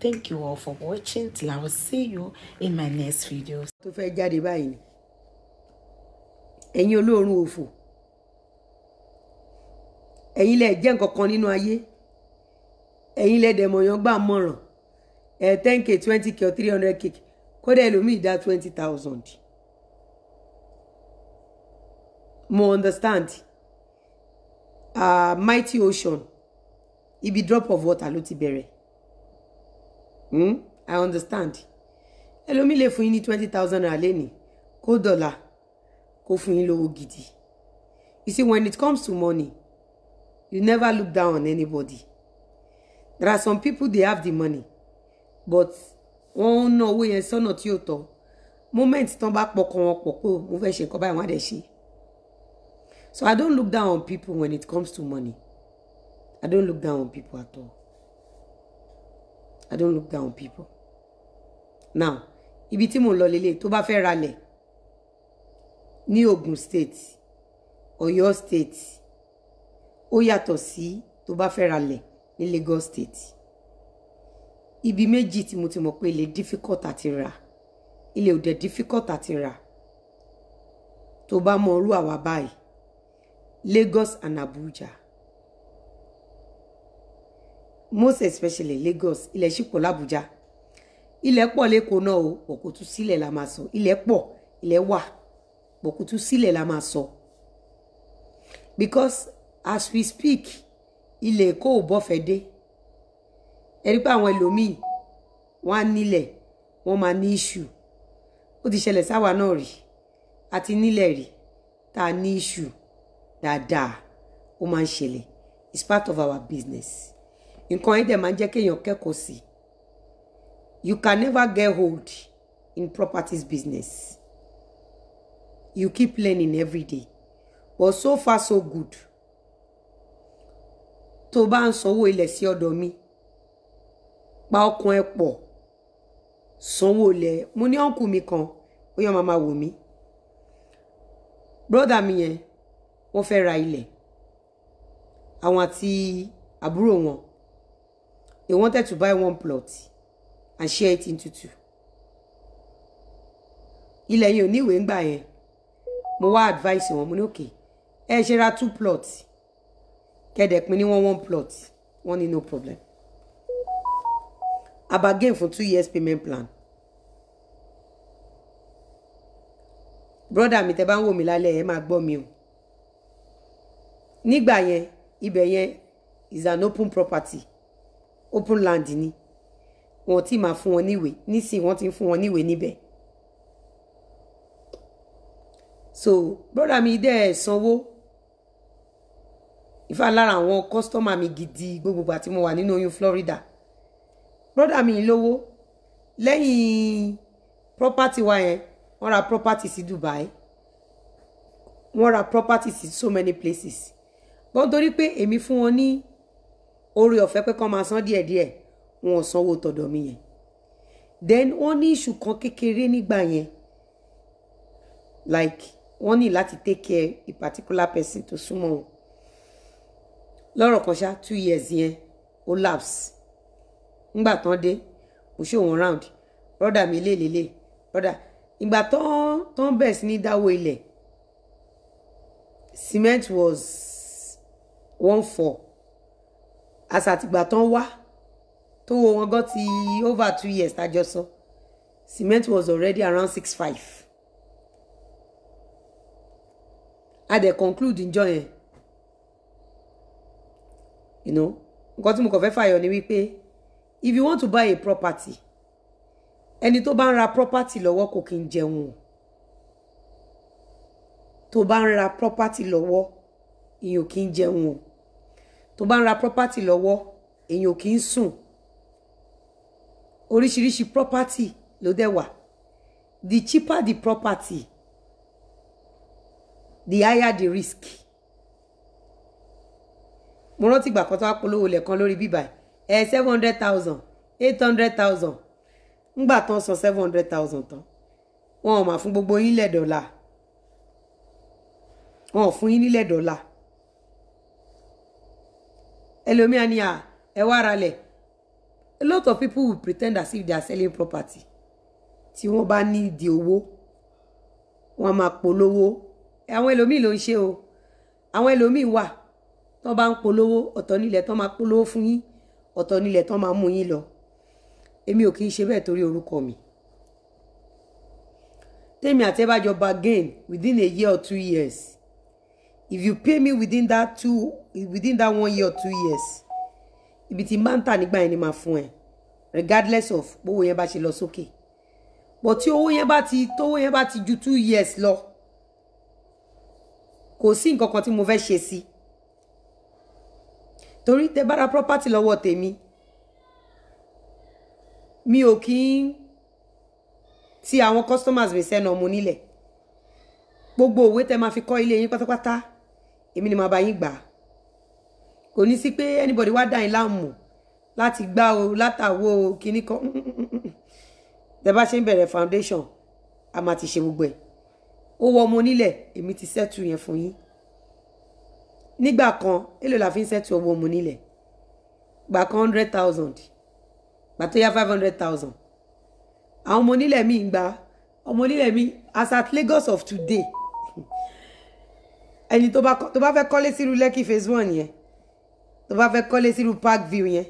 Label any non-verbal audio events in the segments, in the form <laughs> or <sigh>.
thank you all for watching till i will see you in my next video. tó fẹ́ jáde báyìí ni ẹ̀yin olóorun òfò ẹ̀yin lẹ jẹ́ nǹkan kan nínú ayé ẹ̀yin lẹ dẹ̀mọ̀yàn gbà mọ̀ràn ẹ̀ ten k twenty k or three hundred k kódà ẹlòmíì dá twenty thousand mo understand uh, mighty ocean ibi drop of water ló ti bẹ̀rẹ̀. Hmm. i understand ẹlòmíì lè fún yín ní twenty thousand naira lẹ́nìí kó dọ̀là kó fún yín gidi you see when it comes to money you never look down on anybody there are some people they have the money but wọn no, we owó yẹn sọ́nà tí ò moment tán bá pọkàn wọn pọ̀ pé oh, mo fẹ́ ṣe nǹkan báyìí wọ́n á dẹ̀ so i don't look down on people when it comes to money i don't look down on people at all I don't look down on people. Now, ibi tí mò ń lọ lélẹ̀ tó bá fẹ́ ralẹ̀ ní Ogun State, oyo State, ó yàtọ̀ sí tó bá fẹ́ ralẹ̀ ní Lagos State. Ibi méjì tí mo ti mọ̀ pé ilé difficult àti rà ilé ò dẹ̀ difficult àti rà tó bá mọ orú àwa báyìí Lagos and Abuja most especially Lagos ilẹ̀ ṣì pọ̀ làbújá ilẹ̀ pọ̀ lẹ́kọ̀ọ́ náà o pòkùtù sílẹ̀ la máa sọ ilẹ̀ pọ̀ ilẹ̀ wà pòkùtù sílẹ̀ la máa sọ because as we speak ilẹ̀ èkó ò bọ́fẹ́ dé ẹ̀rí pé àwọn ẹlòmíì wọ́n á nílẹ̀ wọ́n máa ní iṣu ó ti ṣẹlẹ̀ sáwa náà rí àti nílẹ̀ rí tá a ní iṣu dáadáa ó máa ń ṣẹlẹ̀ it's part of our business nǹkan yẹn dẹ̀ máa ń jẹ́ kéèyàn kẹ́kọ̀ọ́ sí you can never get hold in properties business you keep learning every day but so far so good tó bá ń sanwó ilẹ̀ sí ọ̀dọ̀ mi pa ọkàn ẹ pọ̀ sanwó ilẹ̀ mo ní ọ̀nkù mi kan ó yọ màmá wò mí bróda mi yẹn wọ́n fẹ́ ra ilẹ̀ àwọn àti àbúrò wọn He wanted to buy one plot and share it into two. Ilẹ̀ yẹn ò ní ìwé ń gbà yẹn. Mo wá advice wọn, mo ní òkè. Ẹ ṣe ra two plot. Kẹ̀dẹ̀ pin ní wọ́n one plot. Wọ́n ní no problem. I bargain for two years payment plan. Brother mi tẹ́ bá ń wò mí lálẹ́ ẹ máa gbọ́ mi o. Nígbà yẹn ibẹ̀ yẹn is an open property open land ni wọn ti máa fún wọn níwèé nísìnyí wọn ti ń fún wọn níwèé níbẹ̀ so broda mi dẹ́ sanwó ìfà lára àwọn kọ́sítọ́mà mi gidi gbogbo àti mo wà nínú oyún Florida broda mi lowo. lẹ́yìn property wa yẹn wọ́n ra property sí Dubai wọ́n ra property sí so many places bọ́n torí pé èmi fún wọn ní orí ọ̀fẹ́ pé kán máa san díẹ̀díẹ̀ wọn ò sanwó tọ̀dọ̀ mi yẹn then wọ́n ní ìṣù kan kékeré nígbà yẹn like wọ́n ní láti take care a particular person tó súnmọ́ wọn lọ́rọ̀ kan ṣá two years yẹn ó lapse ngbà tán dé kò ṣe òun round brother mi lè lélẹ̀ brother ìgbà tán tán bẹ̀rẹ̀ sí ní dáwọ́ ilẹ̀ cement was one four àsàtìgbà tán wá tó wo wọn gan ti over two years tájọ sọ cement was already around six five a dẹ̀ conclude njọ́ yẹn you know nǹkan tí mo kàn fẹ́ fàyọ ni wípé if you want to buy a property ẹni tó bá ń ra property lọ́wọ́ kò kí ń jẹun o tó bá ń ra property lọ́wọ́ ìyẹn kí ń jẹun o tó bá ń ra property lọ́wọ́ èèyàn kì í sùn oríṣiríṣi property ló dẹ̀ wà the cheaper the property the higher the risk mo rántí ìgbà kan tó wá polówó lẹ́ẹ̀kan lórí bíbá ẹ seven hundred thousand eight hundred thousand ńgbà tán san seven hundred thousand tán wọn ò mà fún gbogbo yín lẹ́dọ̀ọ́la wọn ò fún yín nílẹ̀ dọ́là ẹlòmíà ni à ẹ wá ara lẹ̀ a lot of people will pretend as if they are selling property tí wọ́n bá ní ìdí owó wọ́n máa polówó àwọn ẹlòmíì ló ń ṣe o àwọn ẹlòmíì wà tó bá ń polówó ọ̀tọ̀ nílẹ̀ tó máa polówó fún yín ọ̀tọ̀ nílẹ̀ tó máa mú yín lọ èmi ò kì í ṣe bẹ́ẹ̀ torí orúkọ mi tèmi àti ẹ bá jọ bargain within a year or two years if you pay me within that two within that one year or two years ibi tí máa ń tà nígbà yẹn ni màá fún ẹ regardless of bówó yẹn bá ṣe lọ sókè but tí owó yẹn bá ti tówó yẹn bá ti ju two years lọ kò sí nǹkan kan tí mo fẹ́ ṣe sí torí tẹ bá property lọ́wọ́ tèmi mi ò kí ń ti àwọn customers mi sẹ́nu ọmọ nílẹ̀ gbogbo òwe tẹ máa fi kọ́ ilé yín pátápátá èmi ni màá bá yín gbà á kò ní sí pé anybody wá dá yín láàmú láti gbá o látàwọ kíní kan <laughs> tẹ́ bá ṣe ń bẹ̀rẹ̀ foundation a máa ti ṣe gbogbo ẹ̀ ó wọ ọmọ onílẹ̀ èmi ti sẹ́tù yẹn fún yín nígbà kan èlò la fi ń sẹ́tù ọmọ ọmọ onílẹ̀ gbà kan hundred thousand gbà tó yá five hundred thousand àwọn ọmọ onílẹ̀ mi ń gbà ọmọ onílẹ̀ mi as at Lagos of today ẹni tó bá tó bá fẹ́ kọ́lé sírú qui phase one yẹn tó bá fẹ́ kọ́lé sírú park view yẹn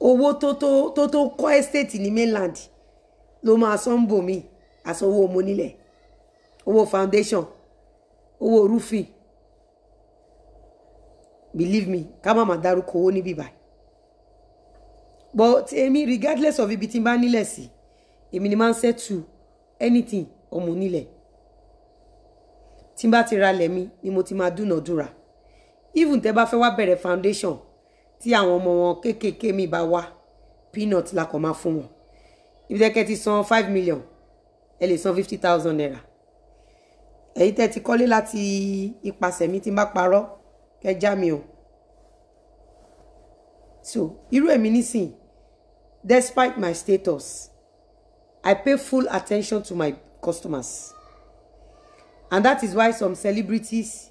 owó Toto tó tó tó kọ́ estate ní mainland ló máa san ń bò mí àsan owó Owo foundation Owo roofing believe me ká má má dárúkọ owó níbí báyìí but èmi regardless of ibi tí n bá nílẹ̀ sí èmi ni máa ń settle anything ọmọ onílẹ̀ tí n bá ti ralẹ̀ mi ni mo ti máa dúnàádúrà even tẹ́ bá fẹ́ wá bẹ̀rẹ̀ foundation tí àwọn ọmọ wọn kéékèèké mi bá wá peanut la kàn máa fún wọn ìdẹ́kẹ́ ti san five million ẹ lè san fifty thousand naira èyí tẹ́ ti kọ́lé láti ipasẹ̀ mi tí n bá parọ́ kẹ́ já mi o so irú èmi nísìn despite my status I pay full attention to my customers. And that is why some celebrities,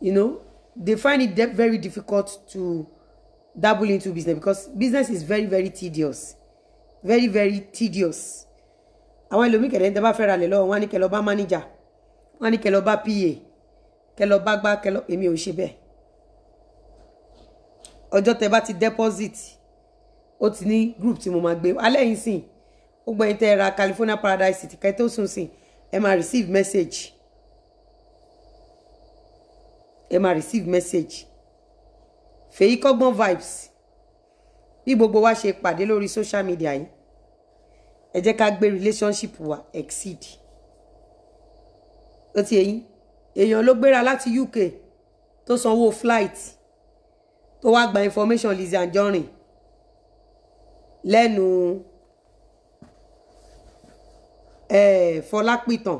you know, they find it very difficult to dabble into business because business is very, very tedious. Very, very tedious. Àwọn ẹlòmíì kẹ̀lẹ́ ń tẹ́ bá fẹ́ ra lẹ̀ lọ́wọ́ wọn ní kẹ́ lọ bá mánéjà wọn ní kẹ́ lọ bá PA kẹ́ lọ bá gbá kẹ́ lọ èmi ò ṣe bẹ́ẹ̀. Ọjọ́ tẹ́ bá ti deposit ó ti ní group tí mo máa gbé alẹ́ yìí sìn gbogbo ẹ̀yin tẹ́ ra California Paradise City kẹ́ tó sùn sí ẹ máa receive message ẹ máa receive message fèyí kọ́gbọ́n vibes bí gbogbo wa ṣe pàdé lórí social media yìí ẹ jẹ́ ká gbé relationship wa exceed ó ti yẹyìn èèyàn ló gbéra láti UK tó sanwó flight tó wá gba information Lizzy Anjorin lẹ́nu. No Fọlápìtàn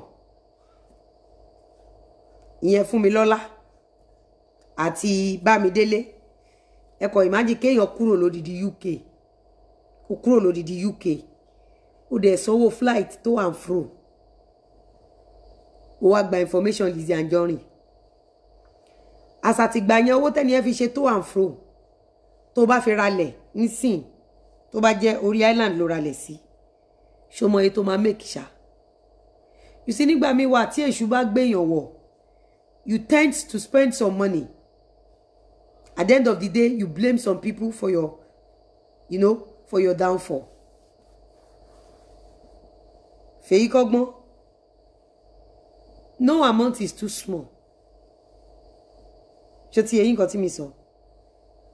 ìyẹn Fúnmilọ́lá àti Bámidélé ẹ kò imagine kéèyàn kúrò lódìdí UK kó kúrò lódìdí UK ó dẹ̀ sanwó flight to and fro ó wá gba information Lizzy Anjorin àsàtìgbà yẹn owó tẹ́ni ẹ fi ṣe to and fro To bá fi ralẹ̀ nísìn tó bá jẹ́ orí island ló ralẹ̀ sí ṣó mọ iye tó máa make ṣáá you see nígbà míì wà tí èṣù bá gbéyàn wọ̀ you tend to spend some money at the end of the day you blame some people for your you know for your downfall fèyí kọ́gbọ́n no amount is too small ṣé ti ẹ̀yin nǹkan tí mi sọ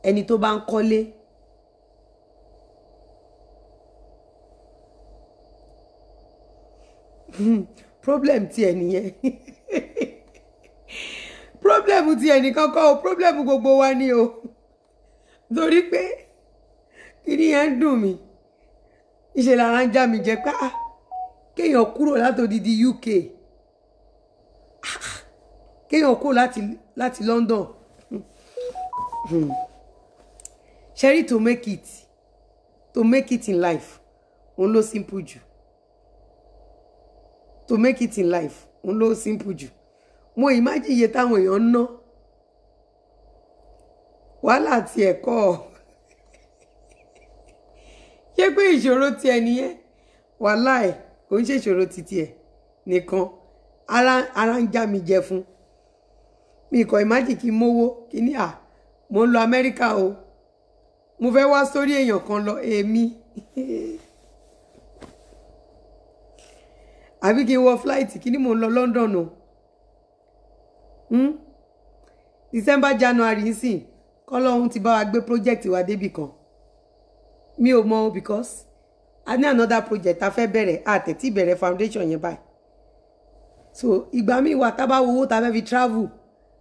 ẹni tó bá ń kọ́lé. <laughs> problem ti ẹ̀ nìyẹn <laughs> problem ti ẹ̀ nìkan o problem gbogbo wa ni o torí pé kìnì yẹn ń dùn mí ìṣe lára ń já mi jẹ pé ah, kéèyàn kúrò látòdìdí UK <laughs> kéèyàn kúrò láti London. London ṣẹ́rí to make it to make it in life òun ló simple jù to make it in life òun ló simple jù mo imagine iye táwọn èèyàn ń ná wàhálà àti ẹ̀kọ́ <laughs> ṣé pé ìṣòro ti ẹni yẹn wàhálà ẹ̀ kò ń ṣèṣòro ti tiẹ̀ nìkan ara ń já mi jẹ fún mi kò imagine kí n mówó kí ni à mo ń lọ Amẹ́ríkà o mo fẹ́ wá sórí èèyàn kan lọ èmi. Eh, <laughs> àbí kí n wọ flight kí ni mò ń lọ London o hmm? December January ń sìn kọ́lọ́hún ti bá wa gbé project wa débì kan mi ò mọ o because a ní another project a fẹ́ bẹ̀rẹ̀ àtẹ̀tí bẹ̀rẹ̀ foundation yẹn báyìí so ìgbà míì wà tá a bá wo owó tá a fẹ́ fi travel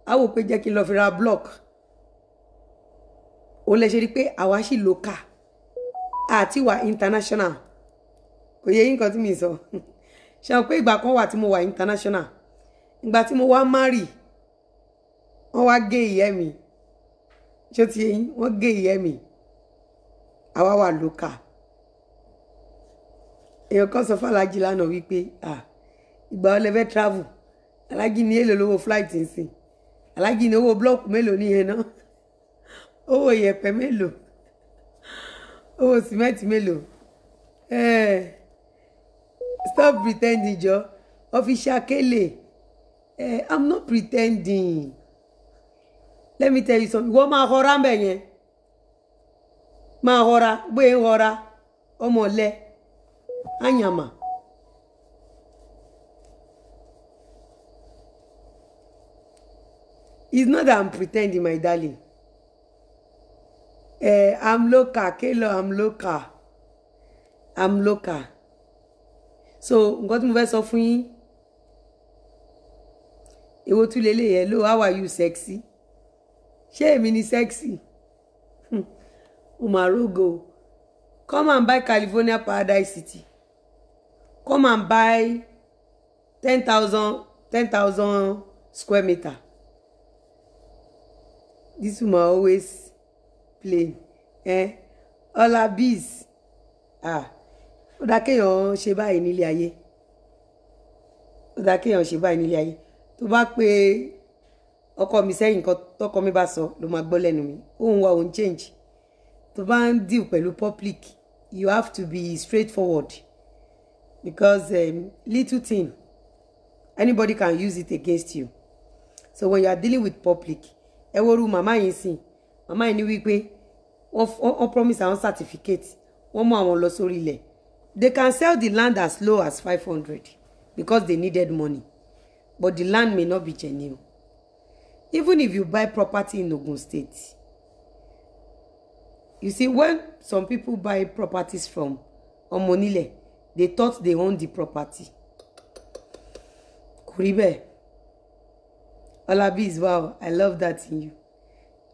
a wò pé jẹ́ kí n lọ fi ra block ó lè ṣe rí i pé àwa sì local àti wà international kò yẹ yín kan tí mi sọ. So. ṣàwọn pé ìgbà kan wà tí mo wà international ìgbà tí mo wá mari wọn wá gé ìyẹ́ mi ṣé ti eyín wọ́n gé mi àwa wà lókà èèyàn kan sọ fàlájì lánàá wípé ìgbà travel alájì ní èlò lówó flight nsìn alájì ní owó blọọkù mélòó nìyẹn náà <laughs> owó mélòó owó stop pretending jọ official kele eh, i'm not pretending let me tell you something ìwọ máa họra ń bẹ̀ yẹn máa họra bóyá ń e họra ọmọ lẹ ànyàmà. It's not that I'm pretending, my darling. Uh, I'm local, Kelo, I'm local. I'm local so nǹkan tí mo fẹ́ sọ fún yín èwo tún lélẹ̀ yẹn ló how are you sexy ṣé èmi ni sexy o mà rógo come and buy California Paradise City come and buy ten thousand ten thousand square meter this woman always play eh? Olabiz ah ó dáa kéèyàn ṣe báyìí nílé ayé ó dáa kéèyàn ṣe báyìí nílé ayé tó bá pé ọkọ mi sẹ́yìn nǹkan tọkọ mi bá sọ ló máa gbọ́ lẹ́nu mi òun wa òun change tó bá ń deal pẹ̀lú public you have to be straightforward because um, little thing anybody can use it against you so when you are dealing with public ẹ woru màmá yìí sìn màmá yìí ní wípé wọ́n promise àwọn certificate wọ́n mú àwọn lọ sórí ilẹ̀ They can sell the land as low as 500 because they needed money. But the land may not be genuine. Even if you buy property in Ogun State, you see, when some people buy properties from Omonile, they thought they owned the property. Kuribe, Olabi is wow. I love that in you.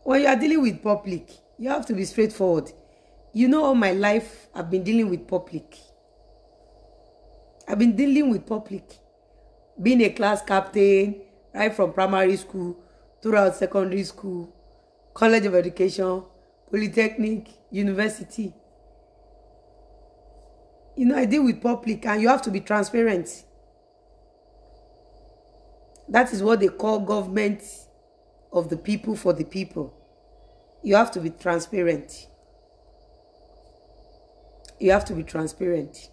When you are dealing with public, you have to be straightforward. You know, all my life, I've been dealing with public. I've been dealing with public. Being a class captain, right from primary school, throughout secondary school, college of education, polytechnic, university. You know, I deal with public and you have to be transparent. That is what they call government of the people for the people. You have to be transparent you have to be transparent.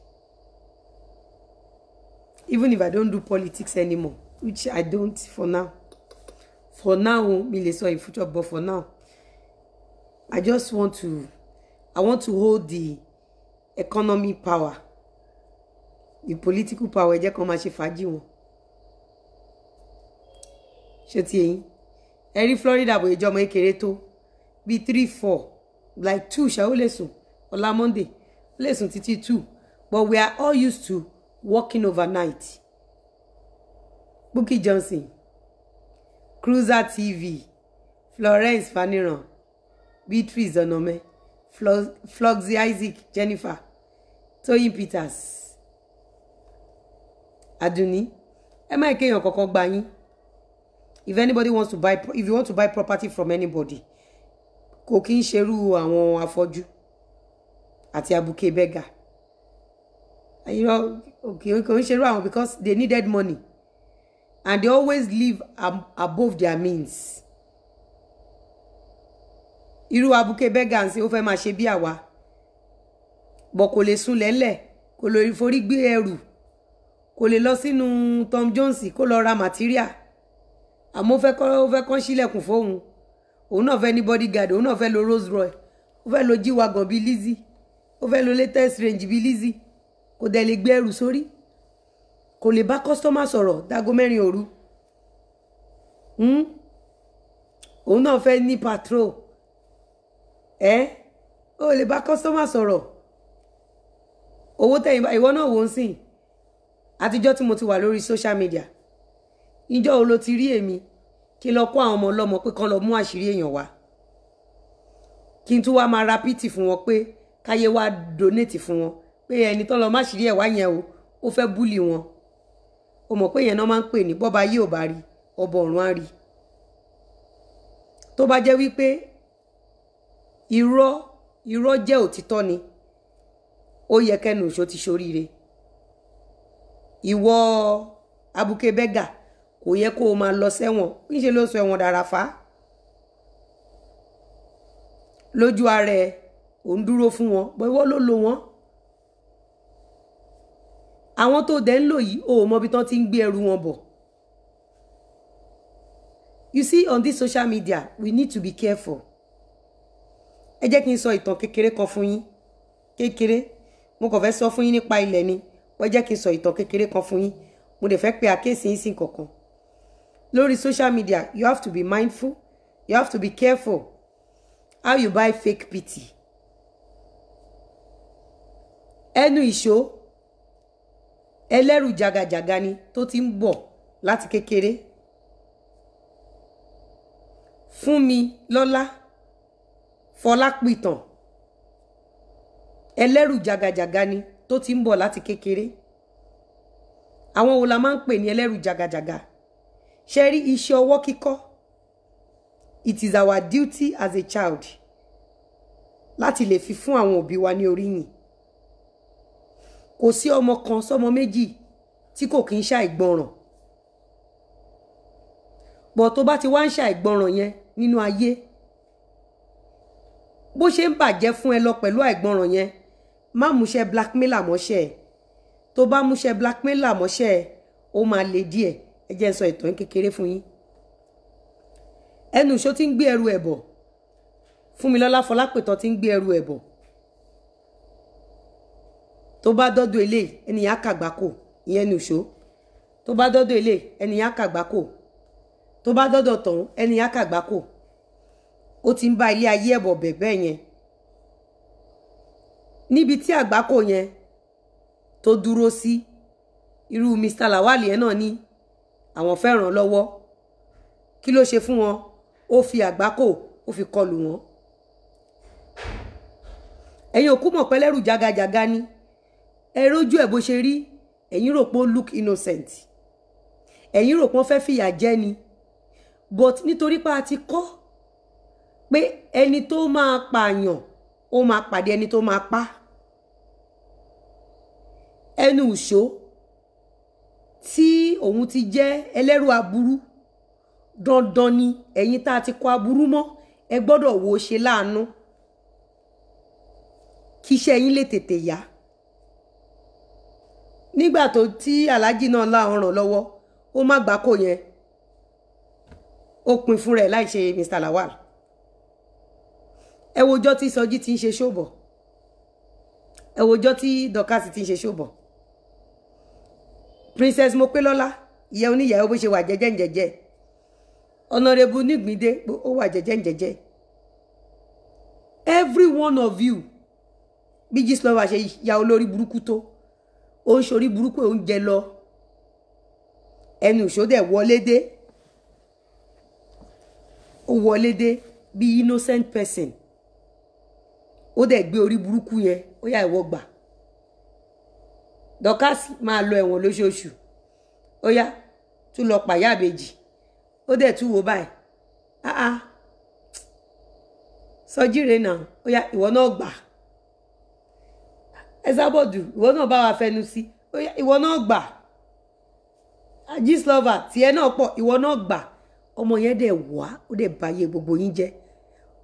Even if I don't do politics anymore, which I don't for now. For now, mi lè in future, but for now, I just want to, I want to hold the economy power, the political power. Ẹ come ashe máa ṣe fàájì wọn. Ṣé ti yín? Ẹ rí Florida bòye jọmọ kékeré tó bíi three four like two ṣàwó lè sùn ọ̀la Monday Listen, Titi too, but we are all used to working overnight Bukky Johnson Cruiser TV Florence Faniran Beatrice Onome Floxy Isaac Jennifer Toyin Peters Aduni ẹ má kéèyàn kankan gba yín if anybody wants to buy if you want to buy property from anybody kò kí ń ṣerú àwọn afọ́jú àti abuke bega, irọ́ òkè òkè ń ṣerú àwọn because they needed money and they always live above their means irú abuke bega ń ṣe ó fẹ́ máa ṣe bí àwa bọ̀ kò lè sun lẹ́lẹ̀ kò lè forí gbé ẹrù kò lè lọ sínú Tom Jones kó lọ ra material àmọ́ ó fẹ́ kọ́ ó fẹ́ kọ́ sílẹ̀kùn fóun òun náà fẹ́ ní bodyguard òun náà fẹ́ lo rose roy, ó fẹ́ lo jíwagàn bíi Lizzie ó fẹ́ lo latest range bíi Lizzy kò dẹ̀ lè gbé ẹrù sórí kò lè bá customer sọ̀rọ̀ dago mẹ́rin òru hmm? òun náà fẹ́ ní patrol ẹ ó lè bá customer sọ̀rọ̀ owó tẹ̀yìnbá ìwọ náà wò ń sìn àtijọ́ tí mo ti wà lórí social media ìjọ́ wo lo ti rí èmi kí n lọ kó àwọn ọmọ ọlọ́mọ pé kán lọ mú àṣírí èèyàn wá kí n tún wá máa ra pìtì fún wọn pé káyé wá donate fún wọn pé ẹni tó lọ má ṣírí ẹ̀ wá yẹn o ó fẹ́ búlì wọn o mọ̀ pé yẹn náà máa ń pè ní bọ́ba yìí ò bá rí ọba ọ̀run á rí tó bá jẹ́ wípé irọ́ irọ́ jẹ́ òtítọ́ ni ó yẹ kẹ́nu òṣó ti ṣoríire ìwọ abuké bẹ́gà kò yẹ kó o máa lọ sẹ́wọ̀n níṣẹ́ ló sọ ẹ̀wọ̀n dàràfà lójú ara ẹ̀ ò dúró fún wọn bọ́ ìwọ ló lo wọn àwọn tó dẹ̀ ń lò yìí o ò mọbi tán ti ń gbé ẹrù wọn bọ̀ you see on this social media we need to be careful ẹ jẹ́ kí n sọ ìtàn kékeré kan fún yín kékeré mo kàn fẹ́ sọ fún yín nípa ilẹ̀ ni wọ́n jẹ́ kí n sọ ìtàn kékeré kan fún yín mo dẹ̀ fẹ́ pe àkéèsí yín sí kankan lórí social media you have to be mindful you have to be careful how you buy fake pity ẹnu ìṣó ẹlẹ́rù jàgàjàgà ni tó ti ń bọ̀ láti kékeré fún mi lọ́lá fọlápìtàn ẹlẹ́rù jàgàjàgà ni tó ti ń bọ̀ láti kékeré àwọn wo la máa ń pè ní ẹlẹ́rù jàgàjàgà ṣe rí iṣẹ́ ọwọ́ kíkọ́ it is our duty as a child láti lè fi fún àwọn òbí wa ní oríyìn kò sí ọmọ kan sọmọ méjì tí kò kí ń ṣàìgbọràn bọ̀ tó bá ti wá ń ṣàìgbọràn yẹn nínú ayé bó ṣe ń bàjẹ́ fún ẹ lọ pẹ̀lú àìgbọràn yẹn má múṣẹ́ blackmailer mọ́ṣẹ́ ẹ tó bá múṣẹ́ blackmailer mọ́ṣẹ́ ẹ ó máa le díẹ̀ ẹ jẹ́ n sọ ìtàn kékeré fún yín ẹnu ìṣó ti ń gbé ẹrù ẹ̀ bọ̀ Fúnmilọ́lá Fọlápẹ̀tàn ti ń gbé ẹrù ẹ̀ bọ̀ tó bá dọ́dọ̀ eléyìí ẹnìyàn kàgbákò ìyẹn ní òṣó tó bá dọ́dọ̀ eléyìí ẹnìyàn kàgbákò tó bá dọ́dọ̀ tọ̀hún ẹnìyàn kàgbákò ó ti ń bá ilé ayé ẹ̀bọ̀ bẹ̀bẹ̀ yẹn níbi tí àgbákò yẹn tó dúró sí irú Mr Lawal yẹn náà ní àwọn fẹ́ ràn lọ́wọ́ kí ló ṣe fún wọn ó fi àgbákò ó fi kọlù wọn ẹ̀yin òkú mọ̀ pẹ́lẹ́rù ni. Jaga ẹ rójú ẹ̀ bó ṣe rí ẹ̀yin rò pé ó look innocent ẹ̀yin rò pé wọ́n fẹ́ fìyà jẹ ni but nítorí pé a ti kọ́ pé ẹni tó máa pààyàn ó máa pàdé ẹni tó máa pa ẹnu ìṣó tí òun ti jẹ́ ẹlẹ́rù aburú dandan ni ẹ̀yin tá a ti kọ́ aburú mọ́ ẹ gbọ́dọ̀ wo ṣe láàánú kí iṣẹ́ yín lè tètè yá nígbà tó tí aláàjì náà láwọn ràn lọ́wọ́ ó má gbáko yẹn ó pin fún rẹ̀ láì ṣe Mr. Lawal ẹ wojọ́ tí sọjí ti ń ṣe ṣòbọ̀ ẹ wojọ́ tí dọ́kàsì ti ń ṣe ṣòbọ̀ Princess Mopelola ìyẹn oníyàwó bó ṣe wà jẹ́jẹ́ ń jẹ́jẹ́ Honorable Nígbìndé ó wà jẹ́jẹ́ ń jẹ́jẹ́ every one of you bí Gistlover ṣe ya olórí burúkú tó ó ń ṣorí burúkú oúnjẹ lọ ẹnu ìṣódẹ̀ wọlé dé ó wọlé dé bí innocent person ó dẹ̀ gbé orí burúkú yẹn ó yà ìwọ gbà Dorcas máa lọ ẹ̀wọ̀n lóṣooṣù ó yá tún lọ pàyà àbèjì ó dẹ̀ tún wò báyìí ah ah sọjí rẹ̀ náà ó yá ìwọ náà gbà. Ẹ̀sàbọ̀dù ìwọ náà bá wa fẹnu sí ìwọ náà gbà Gistlover tiẹ̀ náà pọ̀ ìwọ náà gbà ọmọ yẹn dẹ̀ wá ó dẹ̀ báyé gbogbo yín jẹ́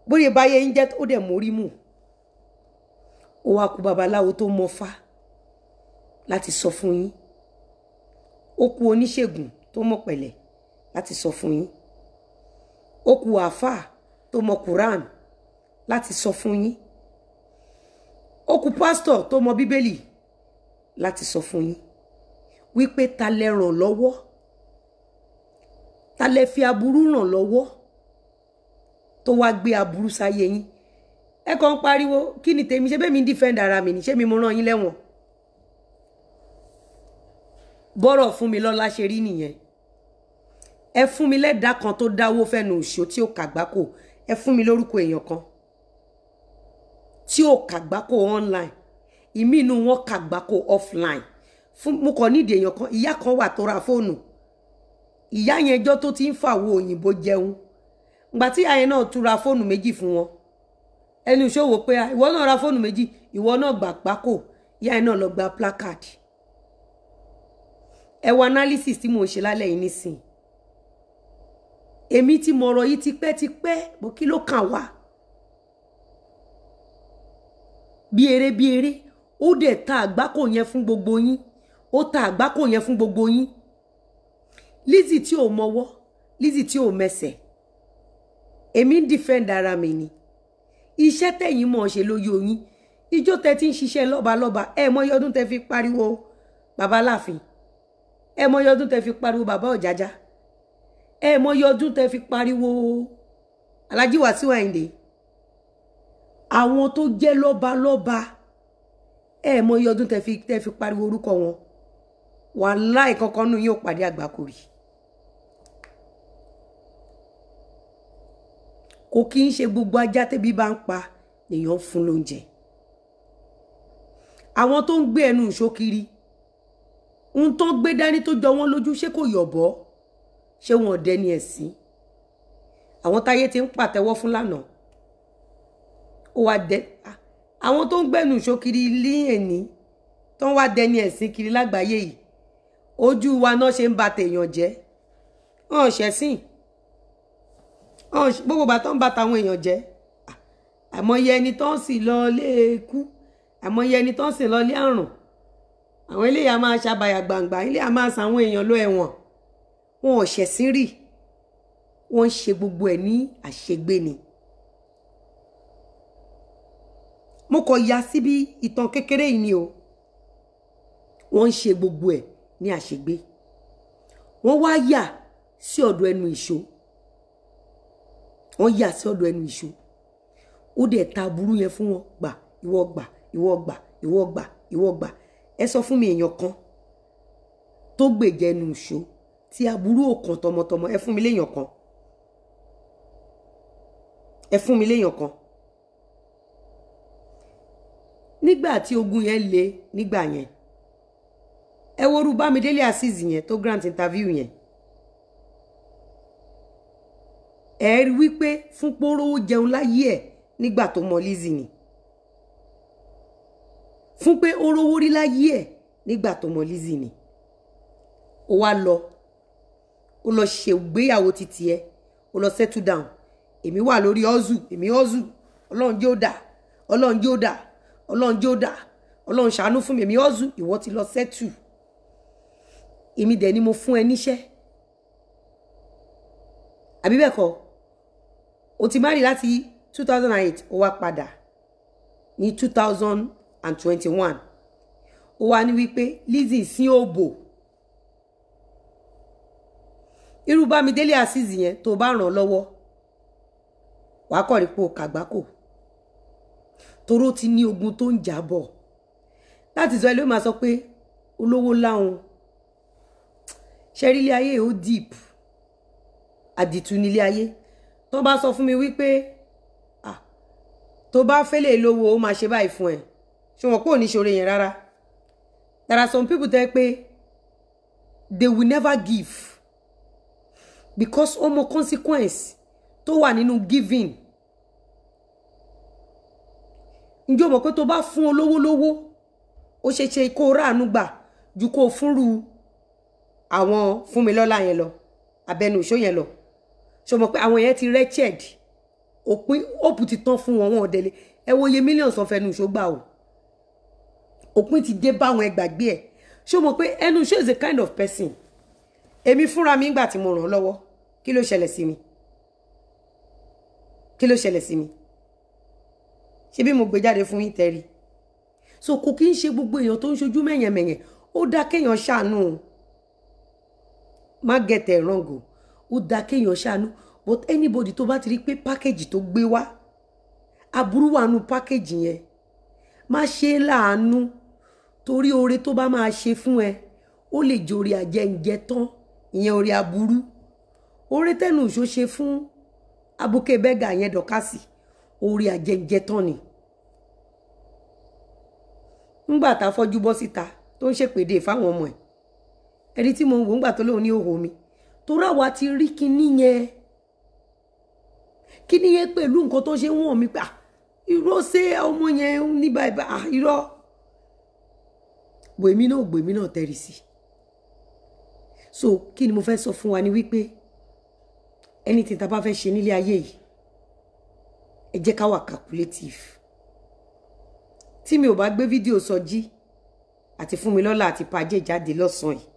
bóyá báyé yín jẹ́ ó dẹ̀ mórí mù ó wá kú babaláwo tó mọ̀fá láti sọ fún yín ó kú oníṣègùn tó mọ̀ pẹ̀lẹ́ láti sọ fún yín ó kú àáfàá tó mọ̀ Quran láti sọ fún yín. Oku pastor, to tó mọ bíbélì láti sọ fún yín wípé ta lẹ ràn lọ́wọ́ ta lẹ fi aburú ràn lọ́wọ́ tó wá gbé aburú sáyé yín ẹ kàn ń pariwo kí ni tèmi ṣé bẹ́ẹ̀ mi ń dífẹ́ǹdì ara mi ni ṣé mi mo rán yín lẹ́wọ̀n bọ́rọ̀ fún mi lọ́la ṣe rí nìyẹn ẹ fún mi lẹ́dàá kan tó dáwó fẹ́nu òṣó tí ó kàgbákò ẹ fún mi lórúkọ èèyàn kan tí ò kàgbákò online ìmí inú wọn kàgbákò offline fún mo kàn nídìí èèyàn kan ìyá kan wà tó ra fóònù ìyá yẹn ẹjọ́ tó ti ń fàwọ òyìnbó jẹun ìgbà tí ìyá yẹn náà tún ra fóònù méjì fún wọn ẹni ìṣòwò pé ìwọ náà ra fóònù méjì ìwọ náà gbà pákò ìyá yẹn náà lọ gba placard ẹ wo analysis tí mo ṣe lálẹ́ yìí nísìn èmi ti mọ̀rọ̀ yìí tipẹ́tipẹ́ bó kí ló kàn wá bí eré bí eré ó dẹ̀ ta àgbákò yẹn fún gbogbo yín ó ta àgbákò yẹn fún gbogbo yín Lizzy tí ò mọwọ́ Lizzy tí ò mẹsẹ̀ èmi ń defend ara mi ni iṣẹ́ tẹ̀yìn mọ̀ ṣe lóye oyin ijó tẹ ti ń ṣiṣẹ́ lọ́balọ́ba ẹ mọyọ ọdún tẹ fi pariwo bàbá láàfin ẹ mọyọ ọdún tẹ fi pariwo bàbá ọ̀jájá ẹ mọyọ ọdún tẹ fi pariwo Alhaji Wasiu Ayinde àwọn tó jẹ́ lọ́ba lọ́ba ẹ mọ iye ọdún tẹ́ fi tẹ́ fi pariwo orúkọ wọn wàláì kankan nù yóò pàdé àgbákòrì kò kí ń ṣe gbogbo ajá tẹ́bí bá ń pa lèèyàn fún lóúnjẹ àwọn tó ń gbé ẹnu ìṣó kiri ohun tó gbé dání tó jọ wọ́n lójú ṣé kò yọ̀bọ ṣé wọn ò dẹni ẹ̀sìn àwọn táyé ti ń pàtẹ́wọ́ fún lánàá ó wá dẹ àwọn tó ń gbẹnu ìṣókiri ilé ẹni tó ń wá dẹni ẹ̀sìn kiri lágbàáyé yìí ojú wa náà ṣe ń ba tèèyàn jẹ́ hàn ṣẹ́sìn gbogbo ìgbà tó ń ba tàwọn èèyàn jẹ́ àmọye ẹni tó ń sì lọ lé ikú àmọye ẹni tó ń sì lọ lé àrùn àwọn eléyà máa ṣàbàyà gbangba eléyà máa san àwọn èèyàn lọ ẹ̀wọ̀n wọn ò ṣẹ̀sìn rí wọ́n ṣe gbogbo ẹ̀ ní àṣegbè ni. mo kàn ya síbi ìtàn kékeré yìí ni o wọ́n ń ṣe gbogbo ẹ̀ ní àṣegbé wọ́n wá yà sí ọ̀dọ̀ ẹnu ìṣó wọ́n yà sí ọ̀dọ̀ ẹnu ìṣó ó dẹ̀ ta burú yẹn fún wọn gbà ìwọ gbà ìwọ gbà ìwọ gbà ìwọ gbà ẹ sọ fún mi èèyàn kan tó gbèjà ẹnu ìṣó tí aburú òkan tọmọtọmọ ẹ fún mi léèyàn kan ẹ fún mi léèyàn kan nígbà tí ogun yẹn le nígbà yẹn ẹ worú bámidélé azeez yẹn tó grant interview yẹn ẹ rí wípé fún pórówó jẹun láyé ẹ nígbà tó mọ Lizzy ni fún pé ó rówó rí láyé ẹ nígbà tó mọ Lizzy ni ó wá lọ ó lọ ṣe ìgbéyàwó títí ẹ ó lọ settle down èmi wà lórí ọzù èmi ọzù Ọlọ́run jẹ́ ó dà Ọlọ́run jẹ́ ó dà ọlọ́run jó dà ọlọ́run ṣàánú fún mi èmi ọ̀zù ìwọ ti lọ sẹ́tù èmi dẹ̀ ni mo fún ẹ níṣẹ́ àbí bẹ́ẹ̀ kọ́ o ti má rí láti 2008 ó wá padà ní 2021 ó wá ní wípé Lizzy sí òbò irú Bámidélé Azeez yẹn tó bá ràn lọ́wọ́ wàá kọ̀ rí pé o kàgbákò toró ti ní ogun tó ń jà bọ̀ láti sọ ẹlẹ́wọ̀n máa sọ pé olówó láwọn ṣẹ́rí ilé ayé ó deep àdìtú nílé ayé tó bá sọ fún mi wípé tó bá fẹ́lẹ̀ lówó ó máa ṣe báyìí fún ẹ̀ ṣé wọn kò ní ṣòro yẹn rárá there are some people tẹ́ pé they will never give because ọmọ consequence tó wà nínú giving ǹjẹ́ o mọ̀ pé tó bá fún olówó lówó ó ṣe ṣe kó ráàánú gbà ju kó fúnrú àwọn Fúnmilọ́lá yẹn lọ abẹnú ìṣó yẹn lọ ṣe mọ̀ pé àwọn yẹn ti wretched òpin òpù ti tán fún wọn wọn ọ̀dẹ̀lẹ̀ ẹ wo iye mílíọ̀nù sọ fẹnu ìṣó gbà o òpin ti dé báwọn ẹ gbàgbé ẹ ṣe mọ̀ pé ẹnu ìṣó is a kind of person èmi fúnra mi ń gbà tí mo ràn lọ́wọ́ kí ló ṣẹlẹ̀ sí mi kí ló ṣẹlẹ̀ sí mi ṣé bí mo gbé jáde fún yín tẹ́rì so kò kí ń ṣe gbogbo èèyàn tó ń ṣojú mẹ̀yẹ̀mẹ̀yẹ̀ ó dá kéèyàn ṣàánú má gẹ̀tẹ̀ rọ̀ǹgò ó dá kéèyàn ṣàánú but anybody tó bá ti rí pé package tó gbé wá aburú wà nù package yẹn má ṣe láàánú torí oore tó bá máa ṣe fún ẹ ó lè jòrè àjẹǹjẹ tán ìyẹn oore aburú oore tẹnu ìṣó ṣe fún abuké bẹ́gà yẹn dọ̀kásì orí ajẹjẹ tán ni ńgbà tá a fọ́jú bọ́ síta tó ń ṣèpèdè fáwọn ọmọ ẹ̀ ẹni tí mo ń wò ńgbà tó lóun ní òhò mi torí àwa ti rí kinní yẹn kinní yẹn pẹ̀lú nǹkan tó ṣe ń wọ̀n mi pé irọ́ ṣé ọmọ yẹn ní báyìí irọ́ gbèmí náà gbèmí náà tẹ̀rì sí so kí ni mo fẹ́ sọ fún wa ni wípé anything tá a bá fẹ́ ṣe nílé ayé yìí ẹ jẹ́ ká wà calculative tí mi ò bá gbé fídíò sọjí àti Fúnmilọ́lá àti pàjẹ́ jáde lọ́sàn-án yìí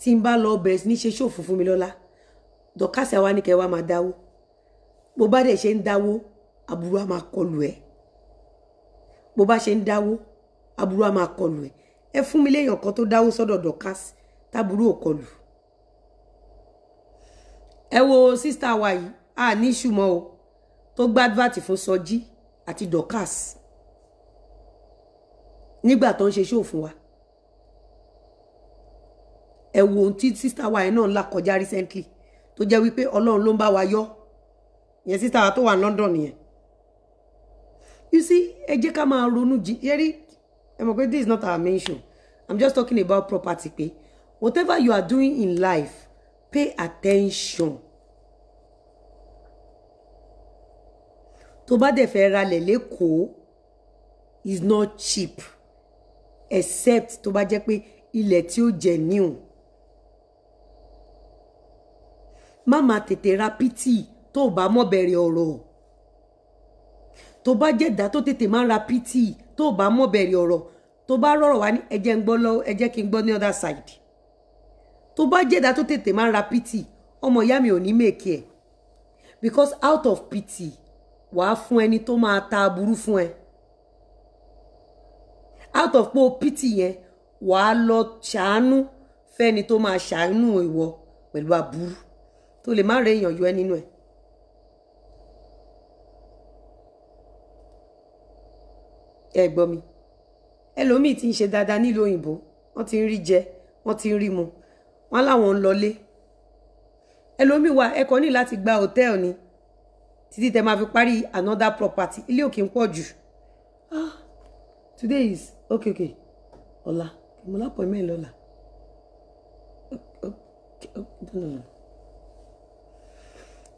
tí n bá lọ bẹ̀rẹ̀ sí ní ṣe ṣòfò Fúnmilọ́lá dọ̀kásì àwa ní kẹ́ wá máa dáwó bó bá dẹ̀ ṣe ń dáwó aburú á máa kọlù ẹ́ bó bá ṣe ń dáwó aburú á máa kọlù ẹ́ ẹ fún mi léèyàn kan tó dáwó sọ́dọ̀ dọ̀kásì táburú ò kọlù ẹ wo sísítà wa yìí a ní ìṣùmọ̀ o tó gbádùbàtì fún sọjí àti dorcas nígbà tó ń ṣe ṣóò fún wa ẹ wo ohun tí sísá wa yẹn náà ń là kọjá recently tó jẹ́ wípé ọlọ́run ló ń bá wa yọ yẹn sísá wa tó wà London nìyẹn you see ẹ jẹ́ ká máa ronú jí yẹrí ẹ mọ̀ pé this is not our mention i'm just talking about property pé whatever you are doing in life pay attention tó bá dẹ̀ fẹ́ ralẹ̀ lẹ́kọ̀ọ́ is not cheap except tó bá jẹ́ pé ilẹ̀ tí ó jẹ́ new má máa tètè ra pítì tó bá mọ̀ bẹ̀rẹ̀ ọ̀rọ̀ tó bá jẹ́dá tó tètè máa ra pítì tó bá mọ̀ ọ̀rọ̀ tó bá rọ̀rọ̀ wá ní ẹ ń gbọ́ lọ́wọ́ ẹ kí n gbọ́ ní other side tó bá jẹ́dá tó tètè máa ra pítì ọmọ ìyá mi ò ní mèkì ẹ̀ e, because out of pity wàá fún ẹni tó máa ta aburú fún ẹ out of pé pity yẹn wàá lọ ṣàánú fẹ́ni tó máa ṣàánú ìwọ pẹ̀lú aburú tó lè má rẹ èèyàn yọ ẹ nínú ẹ. ẹ gbọ́ mi ẹlòmíì ti ń ṣe dáadáa nílùú òyìnbó wọ́n ti ń rí jẹ wọ́n ti ń rí mu wọ́n láwọn ń lọlé ẹlòmíì wà ẹ̀kọ́ ní láti gba hòtẹ́ẹ̀lì ni títí tẹ máa fi parí another property ilé òkè ń pọ̀ jù ah today is okay okay ọ̀la mo lápọ̀ ẹ̀mẹ́ lọ́la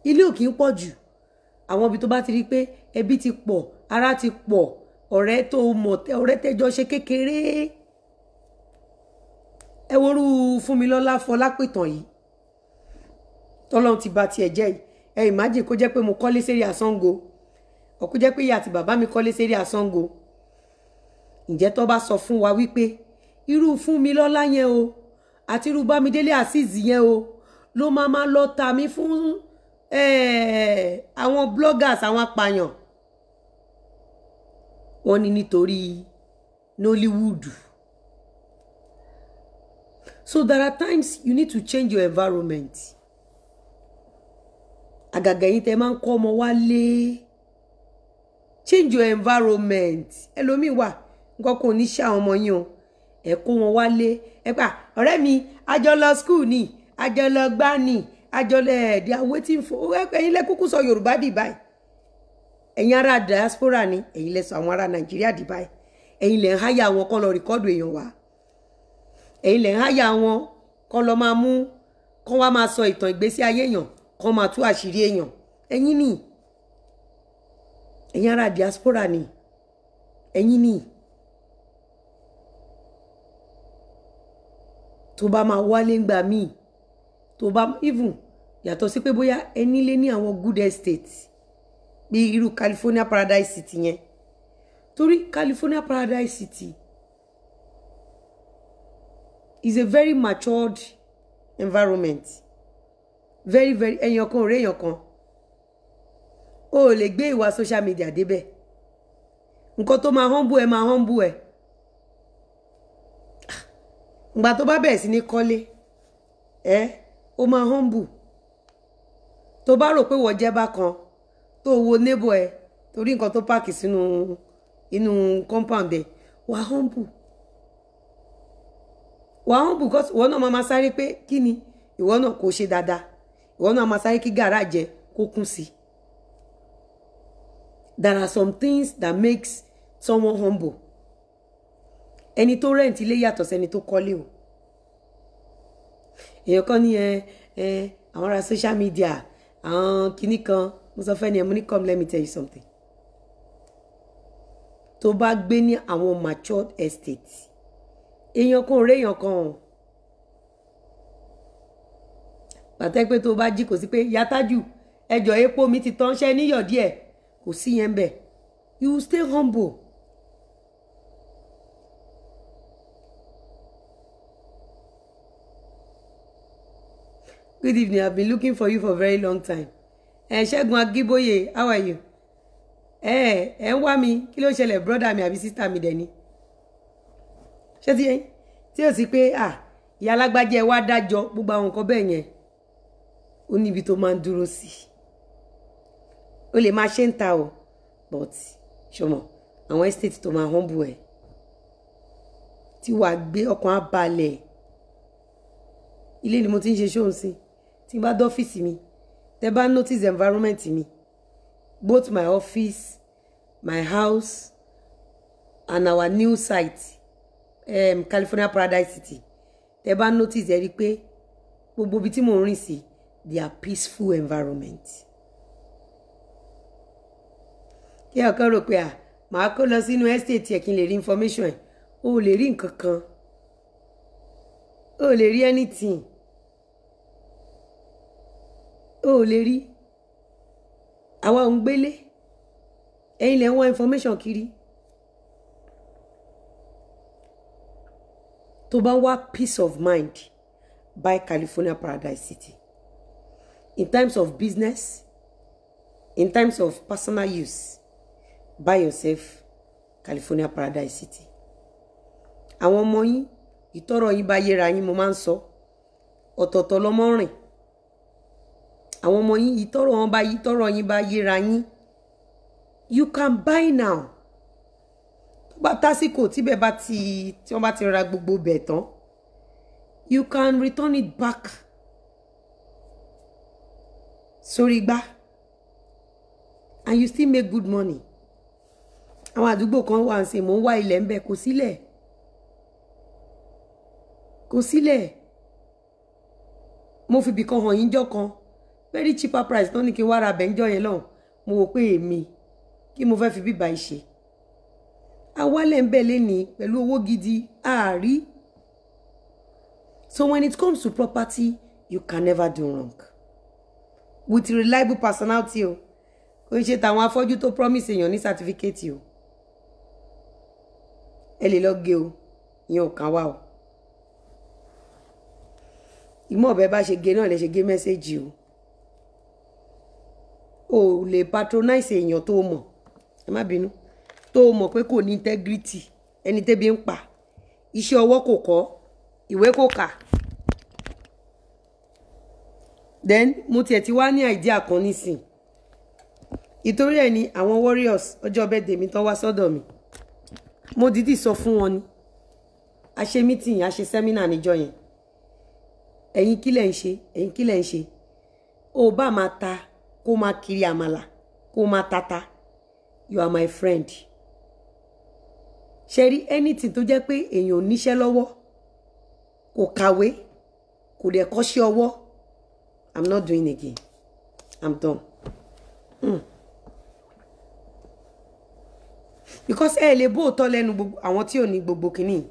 ilé òkè ń pọ̀ jù àwọn ibi tó bá ti rí pé ẹbí ti pọ̀ ara ti pọ̀ ọ̀rẹ́ tó mọ̀ ọ̀rẹ́ tẹ́jọ ṣe kékeré ẹ worú Fúnmilọ́lá Fọlápẹ̀tàn yìí tọ́lọ́run ti bà tiẹ̀ jẹ́ yìí ẹ imagine kó jẹ́ pé mo kọ́lé sérí àsango ó jẹ́ pé ìyá àti bàbá mi kọ́lé sérí àsango ǹjẹ́ tó bá sọ fún wa wípé irú fún mi lọ́lá yẹn o àti irú bámidélé azeez yẹn o ló máa máa lọ ta mí fún àwọn bloggers àwọn apààyàn wọ́n ní nítorí Nollywood so there are times you need to change your environment àgàgà yìí tẹ máa ń kọ́ ọmọ wálé change your environment ẹlòmíì wà nǹkan kò ní ṣe àwọn ọmọ yín o ẹ kó wọn wálé ẹ pa ọ̀rẹ́ mi àjọ lọ ni àjọ lọ gbá ni àjọ lọ ẹ̀ẹ́dì àwọn tí ń fò ẹ̀yin lẹ kúkú sọ Yorùbá dì báyìí ẹ̀yin ará diaspora ni ẹ̀yin lẹ sọ àwọn ará Nàìjíríà dì báyìí ẹ̀yin lẹ ń háyà wọn kọ́ lọ rìkọ́dù èèyàn wá ẹ̀yin lẹ ń háyà wọn kọ́ lọ máa mú kọ́ wá máa sọ ìtàn ìgbésí ayé èèyàn kọ́ máa tú àṣírí èèyàn ẹ̀yin ni ẹ̀yin ará diaspora ni ẹ̀yin ni tó bá máa wálé ńgbà míì tó bá even yàtọ̀ sí pé bóyá ẹni lé ní àwọn good estate bí irú California Paradise City yẹn torí California Paradise City is a very matured environment. very very eyan kan ò kan o le gbe iwa social media débẹ̀ to ma máa humble ẹ máa humble ẹ ìgbà tó bá bẹ̀rẹ̀ sí ní kọ́lé ẹ ó máa humble tó bá rò pé wọ́n jẹ́ bákan tó wo nebo e tori nǹkan to páàkì sínú inú compound e wa humble wa humble because ìwọ náà ma ma sáré pe kini ni ìwọ ko se dada wọn náà máa sáré kí gàrà jẹ kó kún sí there are some things that makes someone humble ẹni tó rent ilé yàtọ̀ sẹ́ni tó kọ́lé o èèyàn kan ní ẹ ẹ àwọn ará social media àwọn kinní kan mo sọ fẹ́ni ẹ mo ní come let me tell you something tó bá gbé ní àwọn matured estate èèyàn kan ò réèyàn kan o. pàtẹ́ pé tó bá jí kò sí pé yàtájù ẹjọ́ epo mi ti tán ṣe níyọ̀ díẹ̀ kò sí yẹn bẹ̀ you stay humble. Good evening. I've been looking for you for a very long time. Ẹ Ṣẹ́gun Agíbóyè, how are you? Ẹ ẹ ń wá mi, kí ló ṣẹlẹ̀ brọ́dà mi àbí sísá mi dẹ̀ ni? Ṣé ti yẹn? Tí o sì pé à, ìyá alágbájẹ́ wa dájọ́ gbogbo àwọn nǹkan bẹ́ẹ̀ yẹn ó níbi tó máa ń dúró sí ó lè máa ṣe ń ta o but ṣọmọ àwọn estate tó máa humble ẹ tí wàá gbé ọkàn á balẹ̀ ilé ni mo ti ń ṣe ṣóun sí tí n bá dọ́fíìsì mi tẹ bá notice environment mi both my office my house and our new site um, California Paradise City tẹ bá notice ẹ rí i pé gbogbo ibi tí mò ń rìn sí their peaceful environment. kí ọkàn rò pé à màá kó lọ sínú estate ẹ̀ kí n lè rí information ẹ̀ o ò lè rí nǹkan kan o ò lè rí anything o ò lè rí àwa ò gbélé ẹ̀yin lè ń wá information kiri. tó bá wá peace of mind by California Paradise City in terms of business, in terms of personal use, buy yourself California Paradise City. Àwọn ọmọ yín ìtọ́rọ̀ yín bá yéra yín mo máa ń sọ ọ̀tọ̀ọ̀tọ̀ lọmọ rìn. Àwọn ọmọ yín ìtọ́rọ̀ wọn bá ìtọ́rọ̀ yín bá yéra yín. You can buy now. Tó bá tásìkò tíbẹ̀ bá ti tí wọ́n bá ti ra gbogbo bẹ̀ tán. You can return it back sórí gbá and you still make good money àwọn àdúgbò kan wà ń sè mò ń wá ilẹ̀ ń bẹ̀ kò sílẹ̀ kò sílẹ̀ mo fi kan hàn yín jọ kan very cheaper price tán ní kí n wá ra bẹ́ńjọ yẹn lọ́hùn mo wò pé èmi kí mo fẹ́ fi bíbà yìí ṣe awálẹ̀ ń bẹ̀ lénìí pẹ̀lú owó gidi ààrí so when it comes to property you can never do wrong with reliable personality o kò ń ṣe tàwọn afọ́jú tó promise èèyàn ní certificate o ẹ lè lọ gé o ìyẹn ò kàn wá o ìmọ̀ ọ̀bẹ bá ṣe gé náà lè ṣe gé mẹ́sẹ̀gì o o lè patronize èèyàn tó mọ̀ ẹ má bínú tó mọ̀ pé kò ní integrity ẹni tẹ́bi ń pa iṣẹ́ ọwọ́ kò kọ́ ìwé kò kà then mo tiẹ̀ ti wá ní àìdíà kan nísìn ìtorí ẹ̀ ni àwọn warriors ọjọ́ bẹ́ẹ̀ dèmi tán wá sọ́dọ̀ mi mo dìídì so fún wọn ni a ṣe meeting a ṣe seminar níjọ́ yẹn ẹ̀yin kí lẹ̀ ń ṣe ẹ̀yin kí lẹ̀ ń ṣe ó bá ta kó máa kiri amala kó máa tata you are my friend ṣe rí anything tó pe pé èèyàn ò níṣẹ́ lọ́wọ́ kò kàwé kò dẹ̀ kọ́ṣẹ́ ọwọ́ i'm not doing again i'm done mm. because ẹ lè bó òótọ́ lẹ́nu gbogbo àwọn tí ò ní gbogbo kìíní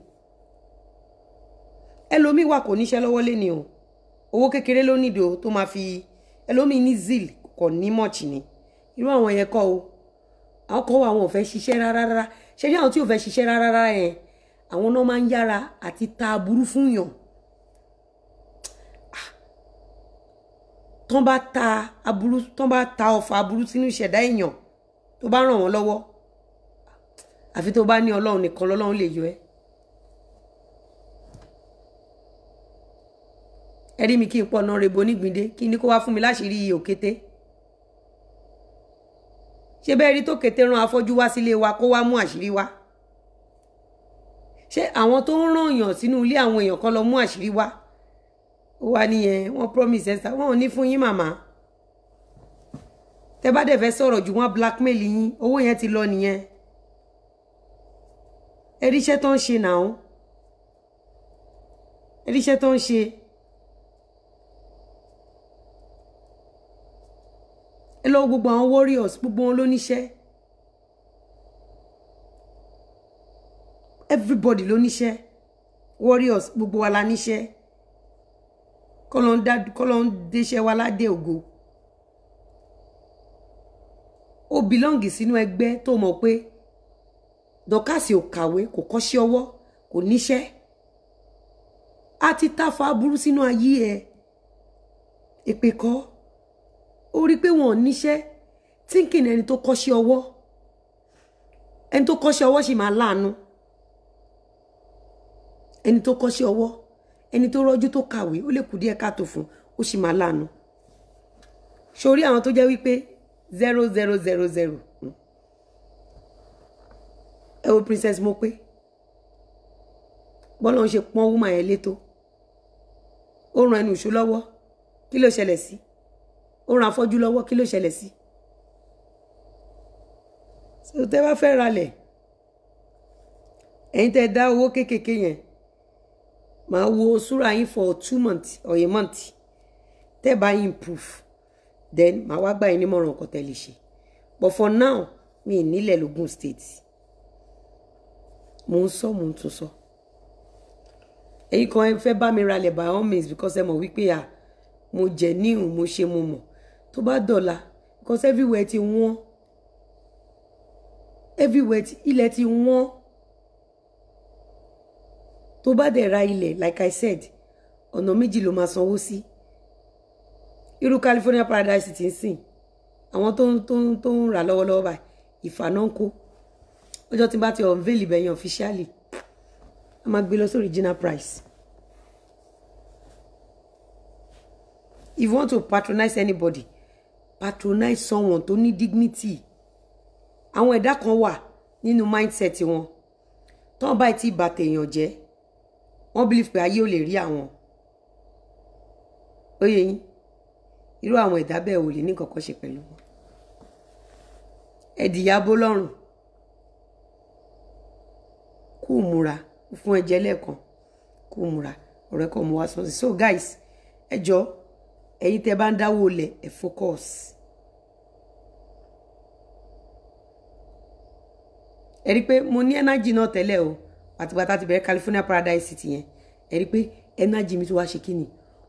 ẹlòmíì wà kò níṣẹ́ lọ́wọ́ lé ni o owó kékeré ló nídìí o tó máa fi ẹlòmíì ní zeal kò ní mọ̀ọ̀chì ni irú àwọn yẹn kọ́ o àwọn kọ́ àwọn ò fẹ́ ṣiṣẹ́ rárá rárá ṣé bí àwọn tí ò fẹ́ ṣiṣẹ́ rárá rárá yẹn àwọn náà máa ń yára àti ta aburú fún tán bá ta aburú tán bá ta ọfà aburú sínú ìṣẹ̀dá èèyàn tó bá ràn wọ́n lọ́wọ́ àfi tó bá ní ọlọ́run nìkan lọ́lọ́run lè yọ ẹ́. ẹ rí mi kí n pọ̀ náà rebo nígbìndé kí n ní kó wá fún mi láṣìírí òkété ṣé bẹ́ẹ̀ rí tó kété ran afọ́jú wá sílé wa kó wá mú àṣírí wa ṣé àwọn tó ń ràn yàn sínú ilé àwọn èèyàn kan lọ mú àṣírí wa ó wá nìyẹn wọ́n promise ẹsà wọn ò ní fún yín màmá tẹ́ bá dẹ̀ fẹ́ sọ̀rọ̀ jù wọ́n blackmail yín owó yẹn ti lọ nìyẹn ẹríṣẹ́ tó ń ṣe nàá ẹríṣẹ́ tó ń ṣe ẹ lọ gbogbo àwọn warriors gbogbo wọn lóníṣẹ́. everybody ló níṣẹ́ warriors gbogbo wa la níṣẹ́ kọ́lọ́ ń déṣẹ́ wa ládé ògo ó bílọ́ǹgì sínú ẹgbẹ́ tó mọ̀ pé dọ́kàsì ò kàwé kò kọ́ṣẹ́ ọwọ́ kò níṣẹ́ a ti tafa aburú sínú ayé ẹ èpè kọ́ ó rí pé wọn ò níṣẹ́ tínkìn ẹni tó kọ́ṣẹ́ ọwọ́ ẹni tó kọ́ṣẹ́ ọwọ́ sì máa láàánú ẹni tó kọ́ṣẹ́ ọwọ́ ẹni tó rọ́jú tó kàwé ó lè kù díẹ̀ káàtó fún ó sì máa láàánú sórí àwọn tó jẹ́ wípé zero zero zero zero ẹ wo princess Mope bọ́lá ń ṣe pọ́n wúmà yẹn létò ó ran ẹnu ìṣó lọ́wọ́ kí ló ṣẹlẹ̀ sí ó ran afọ́jú lọ́wọ́ kí ló ṣẹlẹ̀ sí tẹ́ bá fẹ́ ralẹ̀ ẹ̀yin tẹ́ dá owó kéékèèké yẹn màá wo súra yín for two months or a month tẹ́ bá improve then màá wá gbà yín nímọ̀ràn nǹkan tẹ́ lè ṣe but for now mi ì nílẹ̀ lógún state mò ń sọ mò ń tún sọ èyí kan ẹ fẹ́ bá mi by all means because ẹ mọ̀ wípé à mo jẹ níhùn mo ṣe mo mọ̀ tó bá dọ̀la because everywhere ti wọ́n everywhere ilẹ̀ ti wọ́n tó bá dẹ̀ ra ilẹ̀ like i said ọ̀nà méjì ló máa sanwó sí irú California Paradise ti ń sìn àwọn tó ń tó ń tó ń rà lọ́wọ́lọ́wọ́ báyìí ìfànà ń kó ọjọ́ tí bá ti unveil ìbẹ̀yẹn officially a máa gbé lọ sí original price. if you want to patronize anybody patronize someone tó ní dignity àwọn ẹ̀dá kan wà nínú mindset wọn tán báyìí ti bàtẹ̀yàn jẹ́ wọ́n believe pé ayé ò lè rí àwọn ó yẹ yín irú àwọn ẹ̀dá bẹ́ẹ̀ ò lè ní kankan ṣe pẹ̀lú wọn ẹ̀dìyà bó lọ́rùn múra fún ẹ̀jẹ̀ lẹ́ẹ̀kan kú múra ọ̀rẹ́ kan mú wa sọ sí so guys ẹ jọ ẹ̀yin tẹ́ bá ń dáwó lẹ̀ ẹ focus ẹ rí i pé mo ní energy náà tẹ́lẹ̀ o àtìgbà tá ti bẹ̀rẹ̀ California Paradise City yẹn ẹ rí i pé energy mi tó wá ṣe kíni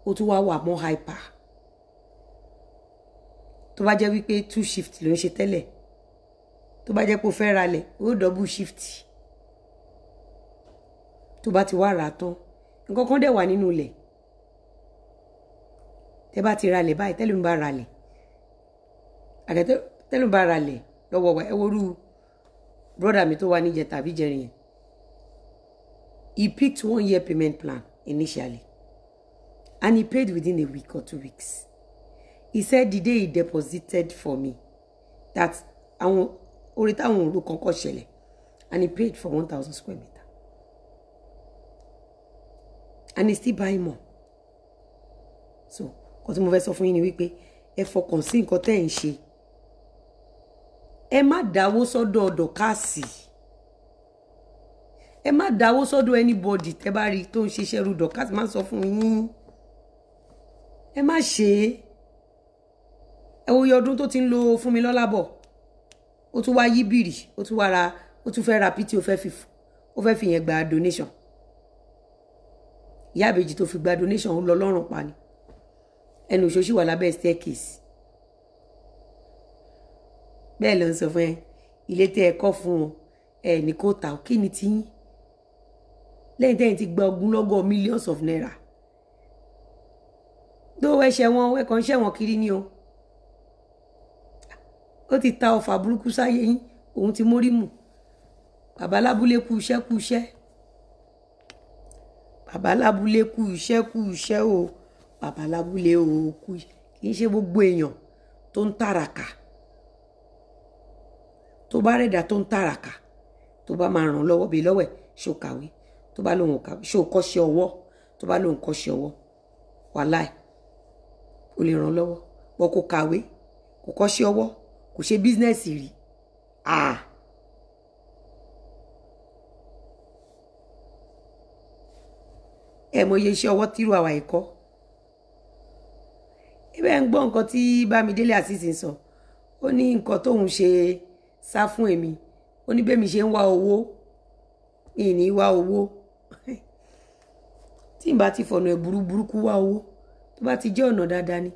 ó tún wá wà mọ́ hyper tó bá jẹ́ wípé two shift ló ń ṣe tẹ́lẹ̀ tó bá jẹ́ pé o fẹ́ ralẹ̀ ó double shift tó bá ti wá rà tán nǹkan kan dẹ̀ wà nínú ilẹ̀ tẹ́ bá ti ralẹ̀ báyìí tẹ́lẹ̀ ń bá ralẹ̀ àgẹ́tẹ́ tẹ́lẹ̀ ń bá ralẹ̀ lọ́wọ́ wa ẹ worú brọ́dà mi tó wà níjẹ tàbí jẹrin yẹn He picked one year payment plan initially, and he paid within a week or two weeks. He said the day he deposited for me that àwọn orí táwọn òru kankan ṣẹlẹ̀ and he paid for one thousand square meter and he still buy more so because tí mo fẹ́ sọ fún yín ni wípé ẹ fọkàn sí nǹkan tẹ́ ẹ̀ ń ṣe ẹ má ẹ má dáwó sọ́dọ̀ anybody tẹ́ bá rí tó ń ṣiṣẹ́ rudọ̀ káàtì má sọ fún yín ẹ má ṣe é ẹ wo iye ọdún tó ti ń lo fún mi lọ́lá bọ̀ ó tún wá yí bìrì ó tún wá ra ó tún fẹ́ ra pt ó fẹ́ fi ó fẹ́ fi yẹn gba donation ìyá àbèjì tó fi gba donation ó lọ lọ́rùn pa ni ẹnu òṣooṣì wà lábẹ́ staircase bẹ́ẹ̀ ló ń sọ fún ẹ ilé tẹ́ ẹ kọ́ fún ẹ ní kó ta kí ni tiyín lẹ́yìn tẹ́yìn ti gba ogunlọ́gọ̀ millions of naira tó ẹsẹ̀ wọn ẹ̀kọ́ ń ṣẹ̀wọ̀n kiri ni o ó ti ta ọfà burúkú sáyé yín òun ti mórí mù bàbá lábúlé kú iṣẹ́ kú iṣẹ́ bàbá lábúlé kú iṣẹ́ kú iṣẹ́ o bàbá lábúlé o kú kì í ṣe gbogbo èèyàn tó ń tàràkà tó bá rẹ̀dà tó ń tàràkà tó bá máa ràn lọ́wọ́ bí lọ́wọ́ ẹ̀ ṣòkàwé tó bá lóun kàwé ṣé o kọ́ṣẹ́ ọwọ́ tó bá lóun kọ́ṣẹ́ ọwọ́ wàláì o lè ràn lọ́wọ́ bọ́ kó kàwé kó kọ́ṣẹ́ ọwọ́ kò ṣe bísínẹ́sì rí ah. ẹ mọ iye iṣẹ́ ọwọ́ tírú àwa ẹkọ ibẹ̀ ń gbọ́ nǹkan tí Bámidélé Azeez ń sọ ó ní nǹkan tóun ṣe sá fún èmi ó ní bẹ́ẹ̀ mi ṣe ń wá owó ìní wá owó tí n bá ti fọ̀nà ẹ̀ burú burúkú wá owó tó bá ti jẹ́ ọ̀nà dáadáa ni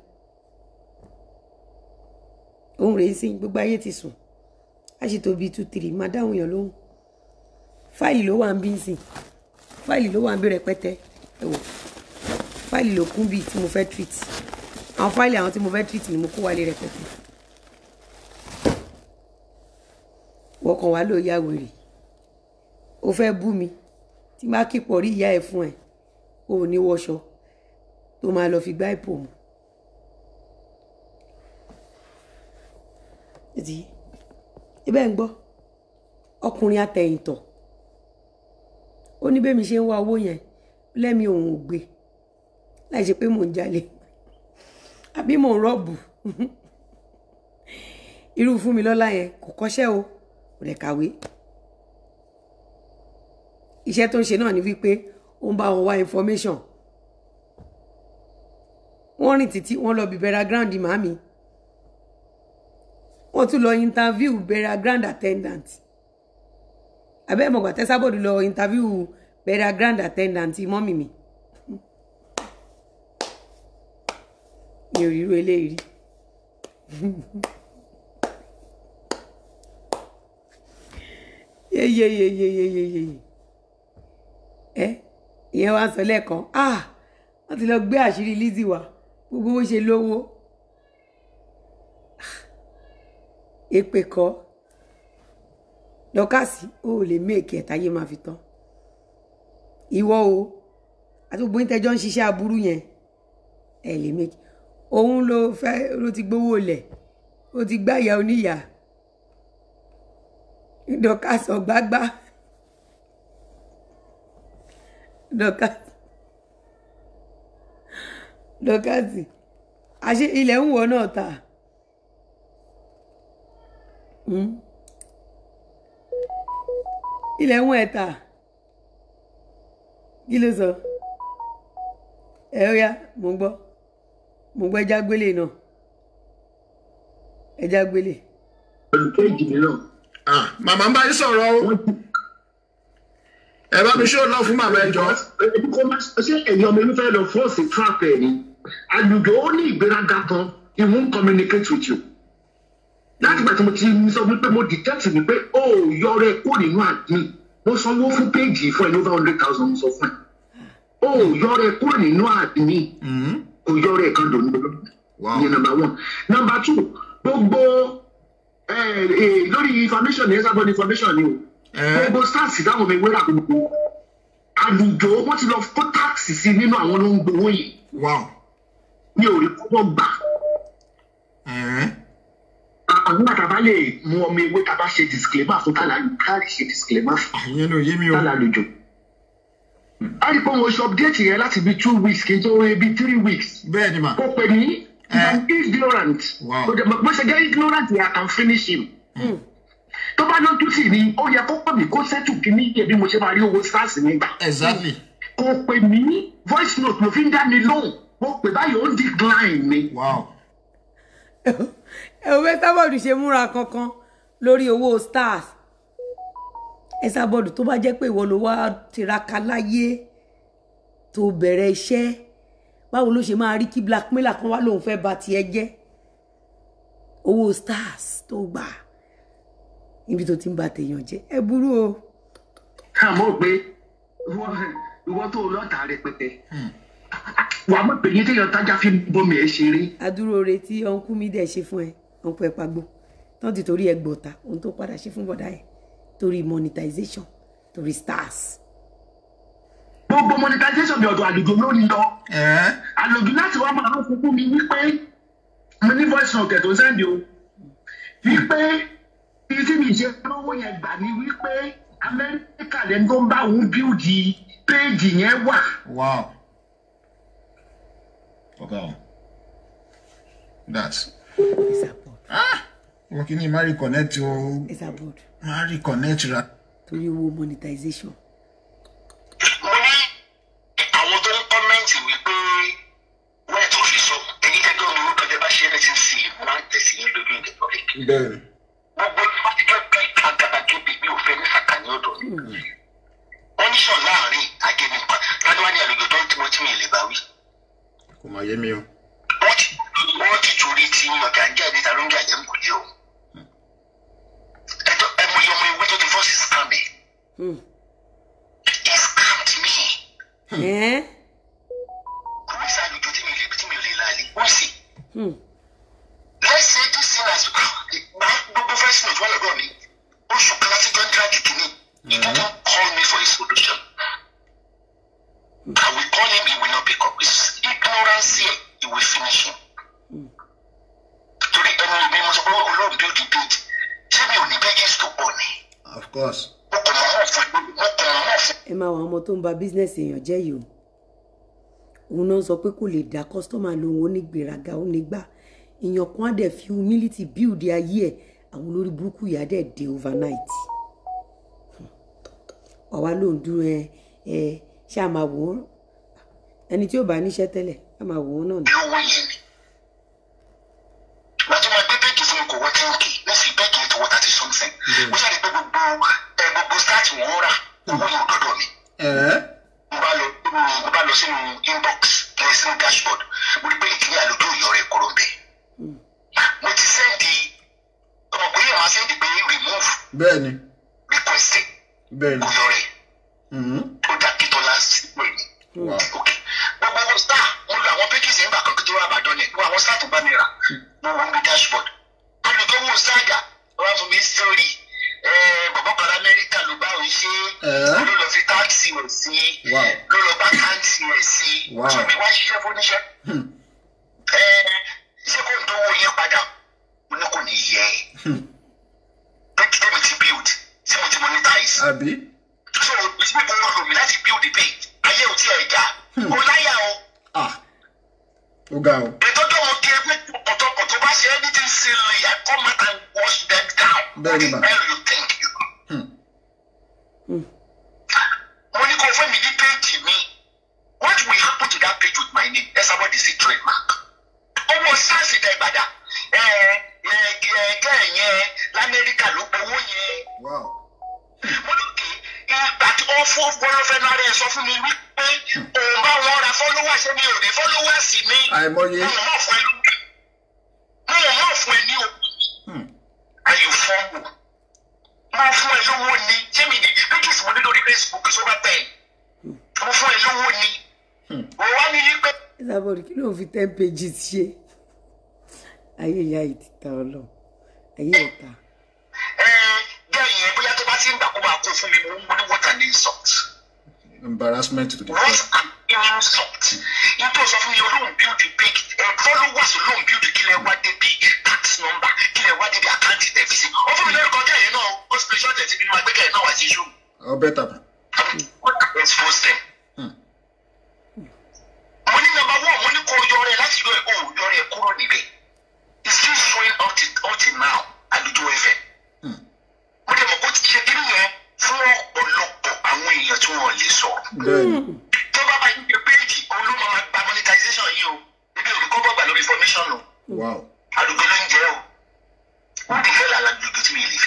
òun rèé sí gbogbo ayé ti sùn a ṣe tó bíi two three máa dáhùn èèyàn lóhùn fáìlì ló wà ń bí nsìn fáìlì ló wà ń bí rẹpẹtẹ ẹwọ fáìlì ló kún bíi tí mo fẹ́ treat àwọn fáìlì àwọn tí mo fẹ́ treat ni mo kó wálé rẹpẹtẹ wọ́n kàn wá lóò yá fẹ́ bú mi tí má kípọ̀ rí ìyá ẹ̀ fún ẹ̀ kó o ní wọṣọ tó máa lọ fi gbá ìpò mu. ibẹ̀ ń gbọ́ ọkùnrin atẹ̀yìntọ̀ ó ní bẹ́ẹ̀ mi ṣe ń wá owó yẹn lẹ́mi òun ò gbé láì ṣe pé mò ń jalè àbí mò ń rọ́ọ̀bù <laughs> irú fún mi lọ́la yẹn kò kọ́ṣẹ́ o kò lè kàwé iṣẹ́ tó ń ṣe náà ni wípé ó ń bá wọn wá information wọ́n rìn títí wọ́n lọ bí burial ground màmí wọ́n tún lọ interview burial ground attendant abẹ́ mọ̀gbà tẹ́sábọ̀dù lọ interview burial ground attendant mọ́mì mi mi ò ríru eléyìí rí <laughs> yeyeyeyeyeyeye ẹ ìyẹn wá sọ lẹ́ẹ̀kan ah wọ́n ti lọ gbé àṣírí Lizzy wá gbogbo owó ṣe lówó ah! èpè kọ́ dọkasi o ò lè méèkì ẹ̀ta yé máa fi tán ìwọ o àti gbogbo ìtẹjọ ń ṣiṣẹ́ aburú yẹn ẹ lè méèkì òun ló fẹ́ ló ti gbowó lẹ̀ ó ti gbáyà oníyà dọkasi ọgbàgbà. dọkàtì dọkàtì àṣé ilẹ̀ ń wọ náà ta hmm? ilẹ̀ ń wọ ẹ̀ ta kí ló sọ ẹ ó yá mò ń gbọ́ mò ń gbọ́ ẹja gbélé náà ẹja gbélé. olùkejì mi náà. Ah, màmá ń bá yín sọ̀rọ̀ o ẹ bá mi ṣó lọ fún màmá ẹjọ. ṣé ẹ̀yin ọmọ inú fẹ́ lọ fọ́ọ̀sì trap ẹ̀ ni àlùjọ ó ní ìgbéraga kan he won't communicate with you. láti gbà tí mo ti sọ wípé mo detect ni pé ó oh, yọrẹ kó nínú admin mo sanwó fún péjì fún ẹni over hundred thousand sọ fún ẹ ó oh, yọrẹ kó nínú admin mm-hmm. kò yọrẹ kan lòún lọ ní number one number two gbogbo eh, eh, lórí information ní ẹ sábọ ní information ni o. Eh? gbogbo stars dáhùn mi wéra gbogbo àlùjọ wọn ti lọ kó táàsì sí nínú àwọn ló ń gbowó yìí mi ò rí kọ́kọ́ gbà eh? àwọn àtàbá lè mú ọmọ ewé tàbá ṣe disclaimer fún tàlàlù káàdì ṣe disclaimer fún tàlàlù a rí i pé ṣe update yẹn láti bí two weeks kí n tó rí three weeks. bẹ́ẹ̀ni ma kò pè ní eh? ignorant bó ṣe jẹ́ ignorant yà can finish him. Mm tó bá lójú sí mi ó yẹ kó pè mí kó sẹ́tù kí ní yẹ mo ṣe máa rí owó sars mi gbà. exactly. kò pè mí voice note ló fi ń dá mi lóhùn mo pè báyìí ó ń decline mi. wow. ẹ ò fẹ́ sábọ̀dù ṣe múra kankan lórí owó stars ẹ sábọ̀dù tó bá jẹ́ pé ìwọ ló wá tiraka láyé tó bẹ̀rẹ̀ iṣẹ́ báwo ló ṣe máa rí kí blackmailer kan wá lóun fẹ́ ba tiẹ̀ jẹ́ owó stars tó gbà níbi tó ti ń ba tèèyàn jẹ́ ẹ burú o. ká mọ̀ pé ìwọ tó lọ́tà rẹpẹtẹ hmm. wà á mọ̀ pé yín téèyàn tájà fi bomi ẹ̀ ṣeré. àdúrò rẹ tí ọ̀nkú mi dẹ̀ ṣe fún ẹ ọ̀nkú ẹ pagbo tán ti torí ẹ gbọ̀ta ohun tó padà ṣe fún bọ̀dá ẹ torí monetization torí stars gbogbo monetization bí ọ̀dọ̀ àlejò ló ń lọ àlejò láti wá máa ń fún mi wípé mo ní voice note tó ń sẹ́ndì o wípé ibi tí mi ṣe lówó yẹn gbà ni wípé amẹ́ríkà lẹ́nu ń bá òun bíúdi péèjì yẹn wà. wow ọ̀gá o that's ah connect o marry connect ra. torí owó monetization. Bẹ́ẹ̀ni. wọ́n ní sọ̀ láàrin àgẹnipa ládùúgbò ní àlejò tó ń tí mo ti mi lè bá wí. kò máa yé mi o. wọ́n ti torí ti ọ̀gá ń jáde ta ló ń jàjẹ́ ń kò lé o. ẹ mọ iye ọmọ ewé tó ti fọ́ọ̀sì scam mi. Hmm. he scammed me. Hmm. Eh? kò ní tí mi ò lè la lè sì. àwọn tó ń ba bísínẹ́sì èèyàn jẹ́ yìí o òun náà sọ pé kò lè dá kọ́sítọ́mà lóhun ó ní gbéraga ó ní gbà èèyàn kan á dẹ̀ fi humility build ayé ẹ̀ àwọn olórí burúkú yìí á dẹ̀ dé overnight ọ̀wá ló ń dún ẹ ẹ ṣáà máa wò ó ẹni tí ó bá níṣẹ́ tẹ́lẹ̀ á máa wò ó náà ni. bẹ́ẹ̀ ni bá. mo ní kó fún mi ní péjì mi what will happen to that page with my name ẹ sábọ́ di sí trademark ọmọ sars ìdá ìbàdà ẹ eh, ẹ eh, ẹgẹ eh, yẹn lamẹ́ríkà ló gbowó yẹn mo ní kí ìgbà tí ó fún gbọ́lọ́fẹ́ náà rẹ̀ sọ fún mi wípé hmm. òun bá wọn ra followers ṣé mi ò ní followers sí mi òun náà fún ẹ lóko. lóun fi ten pages ṣe ayé ìyá yìí ti ta ọlọ ayé ìta. bẹ́ẹ̀ yẹn bóyá tó bá ti ń gbàkúgbà kó fún mi mo ní what an insult. embarrassment to the point. what an insult. n tó sọ fún mi olóhùn build the big followers olóhùn build the kílẹ̀ wá débi tax number kílẹ̀ wá débi àkáǹtì tẹ̀físì ó fún mi lẹ́rìí kọjá yẹn náà ó sì fi ṣọ́ọ̀tẹ̀ síbi nínú agbẹ́kẹ̀ náà wá sí iṣu. ọ bẹ́ẹ̀ tàbá. expose them. Hmm o yọrẹ láti yọ ẹ o yọrẹ kúrò níbẹ̀ it's still showing up till up till now àlùjọ ẹfẹ hmm. mo dẹ̀ mọ̀ kó ti ṣe kí nìyẹn fún ọ̀pọ̀lọpọ̀ àwọn èèyàn tí wọ́n lè sọ. Hmm. tó bá bá yẹ péèjì olómọ gba monetization yìí o ebi olùkọ́ bọ̀ gbà lórí formation o àdúgbò ló ń jẹ́ o wọ́n ti fẹ́ làlàjù tó ti mi lè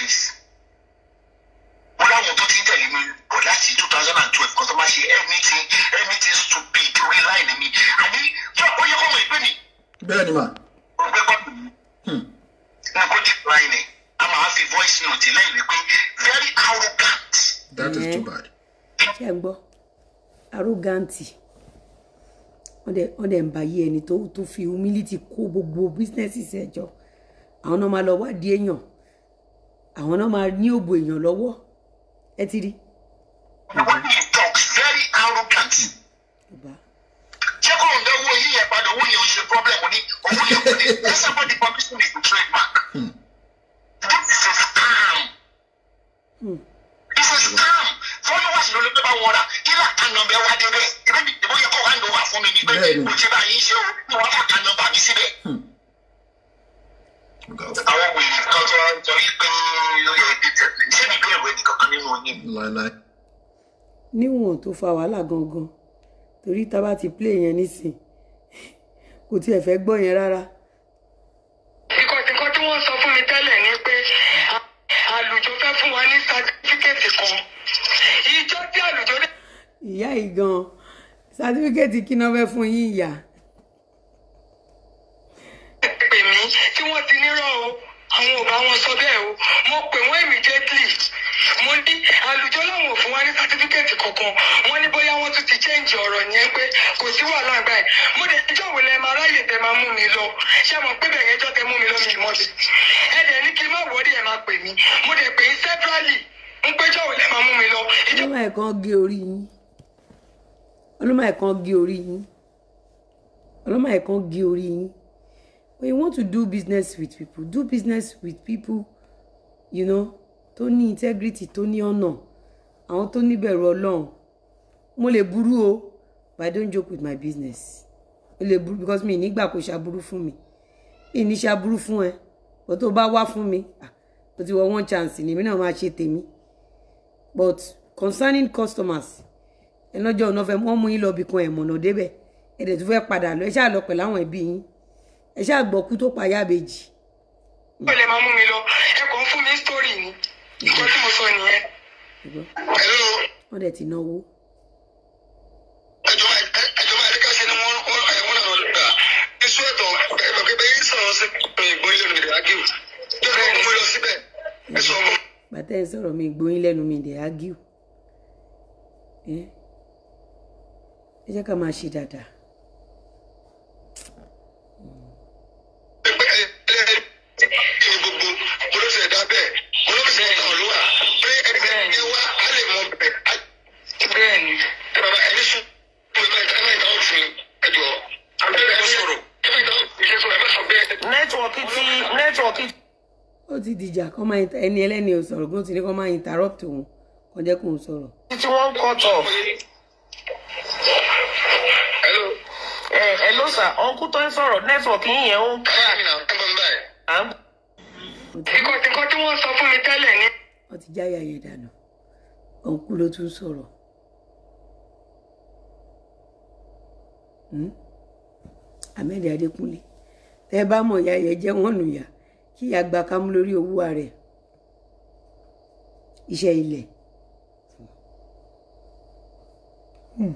bóyá àwọn tó ti ń tẹ̀lé mi bọ̀ láti two thousand and twelve kan tó máa ṣe anything anything stupid orí láìní mi àní tó ó yẹ kó mọ̀ ìpè mi. bẹ́ẹ̀ ni mà. ó gbé kọ́ọ̀tù mi. nǹkan hmm. ti ra ẹni a máa fi voice note lẹ́yìn wípé very arrogant. that is too bad. ṣé ẹ gbọ́ arrogant wọ́n dẹ̀ ń bá yé ẹni tó fi humility kó gbogbo businesses ẹ̀ jọ àwọn náà máa lọ wádìí èèyàn àwọn náà máa ní òbò èèyàn lọ́wọ́ ẹ ti rí. àwọn yìí talk very arrogant. jẹ́ kó ń lọ́wọ́ yìí yẹn padà owó yẹn ò ṣe problem ní owó yẹn kò ní ẹsẹ̀ bọ́dí permission is the trademark. this is a this is a scam. Hmm. followers ló ló gbé bá wọn rà kí là ká nọmbẹ wá débẹ̀ ìbọn yẹ kó wá ń lò wá fún mi ní pé mo ti bá yín ṣe o mo wá fà ká nọmbà mi síbẹ̀. Hmm àwọn wèrè kan tó ń sọ yí pé ó yẹ ibi tẹ̀sí ṣé mi bẹ̀rù ẹnì kankan nínú yín. níwọ̀n tó fa wàhálà gangan torí tá a bá ti plé yẹn nísìn kò tiẹ̀ fẹ́ gbọ́ yẹn rárá. ìkọ̀tìkọ̀ tí wọ́n sọ fún mi tẹ́lẹ̀ ni pé àlùjọ fẹ́ fún wa ní sátífíkẹ́tì kan ìjọ tí àlùjọ. ìyá yìí gan-an sátífíkẹ́tì kí náà fẹ́ fún yín ìyá. àwọn ò bá wọn sọ bẹ́ẹ̀ o mo pè wọ́n immediately mo ní àlùjọ làwọn ò fún wa ní sátífíkẹ́ẹ̀tì kankan wọ́n ní bóyá wọ́n tún ti change ọ̀rọ̀ yẹn pé kò sí wàhálà àgbà ẹ̀ mo dẹ̀ ẹjọ́ wo lẹ máa ráyè tẹ máa mú mi lọ ṣé mo pé bẹ̀rẹ̀ ẹjọ́ tẹ mú mi lọ mi mọ́ mi ẹ dẹ̀ ní kí n má wọ́ọ́dì ẹ máa pè mí mo dẹ̀ pè é severally ń péjọ́ wo lẹ máa mú mi lọ. olúmọ̀ ẹ̀ gé orí yín olúmọ̀ ẹ̀ gé orí yín olúmọ̀ ẹ̀ gé orí yín when you want to do business with people do business with people you know tó ní integrity tó ní ọ̀nà àwọn tó níbẹ̀rù ọlọ́run mo lè burú o but i don't joke with my business mo lè burú because mi nígbà kò ṣàbúrú fún mi mi ní ṣàbúrú fún ẹ but tó bá wá fún mi ah, mo ti wọ one chance ni èmi náà máa ṣe tèmi but concerning customers ẹ lọ́jọ́ ọ̀nà fẹ́ wọ́n mú yín lọ bìkan ẹ̀mọ̀nà débẹ̀ ẹ̀dẹ̀ tó fẹ́ padà lọ ẹ ṣáà lọ pẹ̀lú àwọn ẹbí yín ẹ ṣáà gbọ́kú tó pa Yábèjì. ó lè máa mú mi lọ ẹ kàn ń fún mi sítórì ni nǹkan tí mo sọ nìyẹn. wọ́n dẹ̀ ti náwó. àjọmọ̀ àdékàṣe ni wọ́n wọ́n náà gbà iṣu ẹ̀tọ́ ẹ̀rọ pé bẹ́ẹ̀ sọ̀rọ̀ sí ìgbóyin lẹ́nu mi dẹ̀ tó fẹ́ mú mi lọ síbẹ̀ ẹ sọ fún bàtà ẹ sọ̀rọ̀ mi ìgbóyin lẹ́nu mi dẹ̀ ẹ jẹ́ ká máa ṣe dáadáa. ó ti dìjà kọ́ máa ẹni ẹlẹ́ni ò sọ̀rọ̀ gbọ́n ti ní kọ́ máa interrupt òun kọ́ jẹ́ kó eh, ń sọ̀rọ̀. tí wọ́n ń kọ́ tọ̀ ẹ ló sà ọ̀nkú tó ń sọ̀rọ̀ nẹ́tíwọ̀kì yìí yẹn ó ń kà. ìkọ̀tìkọ̀ tí wọ́n sọ fún mi tẹ́lẹ̀ ni. wọ́n ti jáyà yẹn dànù ọ̀nkú ló tún sọ̀rọ̀. Hmm? Ahmed Adékúnlé tẹ́ bá mọ̀ ìyá yẹn jẹ́ wọ́n nù yá kíyà gba kámú lórí owó ààrẹ iṣẹ́ ilẹ̀. Hmm.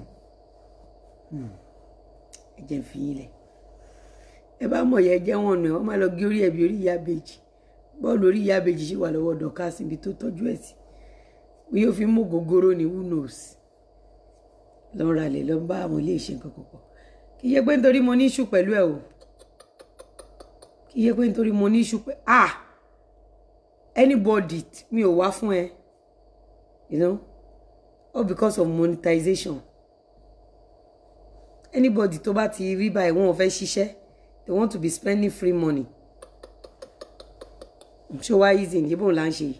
Hmm. ẹ jẹ́ fi ilẹ̀ ẹ bá mọ̀ yẹ jẹ́ wọn nù ẹ wọ́n máa lọ gé orí ẹ̀bí orí ìyá bèjì bọ́ọ̀lù orí ìyá bèjì ṣì wà lọ́wọ́ dọ̀ka síbi tó tọ́jú ẹ̀ sí bí yóò fi mú gogoro ní who knows lọ́nra lè lọ́ bá àwọn ilé ìṣe nǹkan pọ̀ kì í ṣe pé nítorí mo ní ìṣù pẹ̀lú ẹ̀ o kì í ṣe pé nítorí mo ní iṣu pé ah anybody mi ò wá fún ẹ you know all because of monetization anybody tó bá ti rí báyìí wọn ò fẹ́ ṣiṣẹ́ they want to be spending free money ṣé wá easy ní bóun là ń ṣe yìí.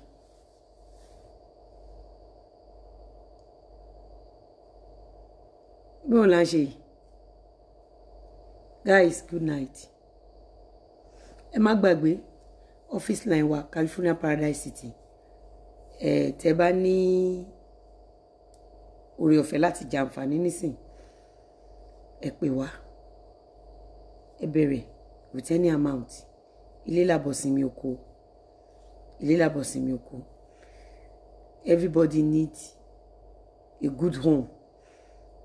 bóun là ṣe yìí guys good night ẹ má gbàgbé office line wa California Paradise City ẹ tẹ bá ní oore ọ̀fẹ́ láti jàǹfààní nísìn ẹ pè wá ẹ bẹ̀rẹ̀ with amount ilé làbọ̀sìnmi oko ilé làbọ̀sìnmi oko everybody needs a good home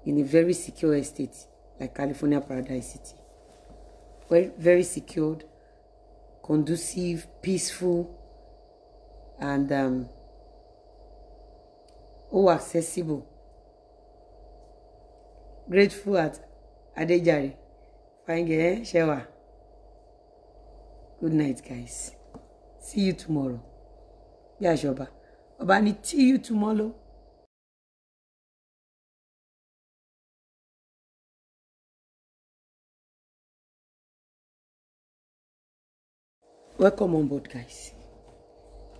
in a very secure estate like California Paradise City. Well, very secured conducive, peaceful, and um, all accessible. Grateful at Adejare. Fine eh? Shewa. Good night, guys. See you tomorrow. Yeah, Shoba. Obani, see you tomorrow. welcome on board guys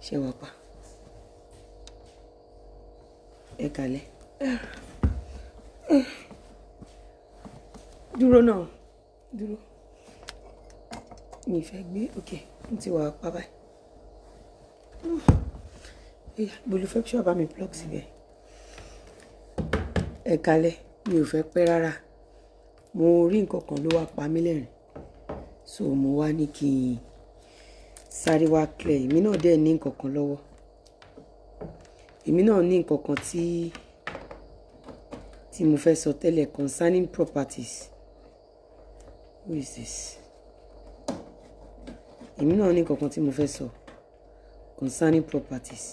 ṣe wà pa ẹ kàlẹ̀ dúró náà dúró mi fẹ́ gbé ok n ti wà pa báyìí bolufẹ́ ṣọ́ bá mi plug síbẹ̀ ẹ kàlẹ̀ mi ò fẹ́ pẹ́ rárá mo rí nǹkan kan ló wá pa mí lẹ́rìn so mo wá ní kí n sáré wá clear èmi náà dẹ̀ ní nǹkan kan lọ́wọ́ èmi náà ní nǹkan kan tí tí mo fẹ́ sọ tẹ́lẹ̀ concerning properties who is this èmi náà ní nǹkan kan tí mo fẹ́ sọ concerning properties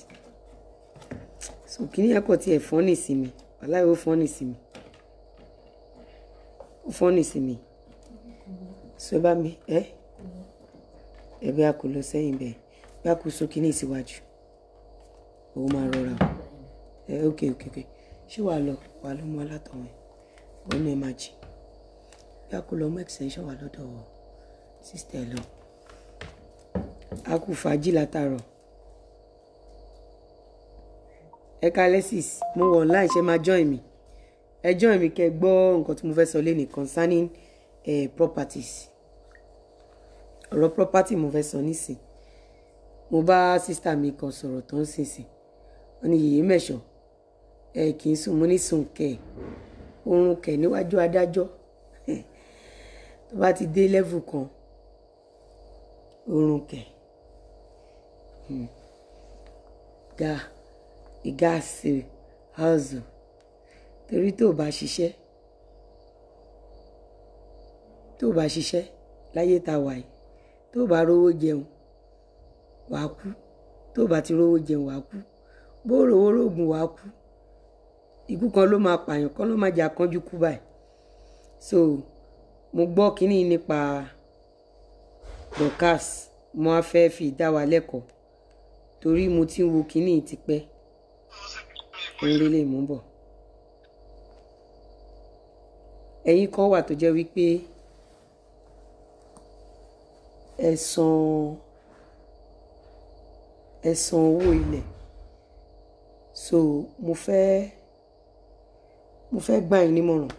so kíní ẹ̀kọ́ tí ẹ̀ fọ́nì sí mi wàláì ó fọ́nì sí mi ó fọ́nì sí mi so ẹ bá mi ẹ́. Eh? ẹ bí a kò lọ sẹ́yìn bẹ́ẹ̀ bí a kò sókè ní ìsíwájú òun máa rọra o ẹ ok ok ok ṣé wàá lọ wàá lọ mú alátọ̀wọ̀n wọn ní ẹ máa jì bí a kò lọ mú extension wà lọ́dọ̀ sísítẹ̀ lọ a kò fàájì látàárọ̀ ẹ mo wọ̀ online ṣe máa join mi ẹ join mi kẹ́ gbọ́ nǹkan tí mo fẹ́ sọ lé ní concerning eh, properties ọ̀rọ̀ property mo fẹ́ sọ nísìn mo bá sísítà mi kan sọ̀rọ̀ tó ń sínsìn wọ́n ní yèyé mẹ̀ṣọ́ ẹ kì í sùn mo ní sùn kẹ̀ oorun kẹ̀ níwájú adájọ́ tó bá ti dé level kan oorun kẹ̀ ga hmm. ìgáàsì house torí tó o bá ṣiṣẹ́ tó o bá ṣiṣẹ́ láyé tá a tó bá rówó jẹun wàá kú tó bá ti rówó jẹun wàá kú bó rówó rògùn wàá kú ikú kan ló máa pààyàn kan ló máa jà kánjú kú báyìí so mo gbọ́ kínní nípa Dorkas mo á fẹ́ fi dá wa lẹ́kọ̀ọ́ torí mo ti ń wo kínní tipẹ́ òun lè mú bọ̀ ẹ̀yin kan wà tó jẹ́ wípé ẹ̀san ẹ̀san owó ilẹ̀ so mo fẹ́ mo fẹ́ gbà yín nímọ̀ràn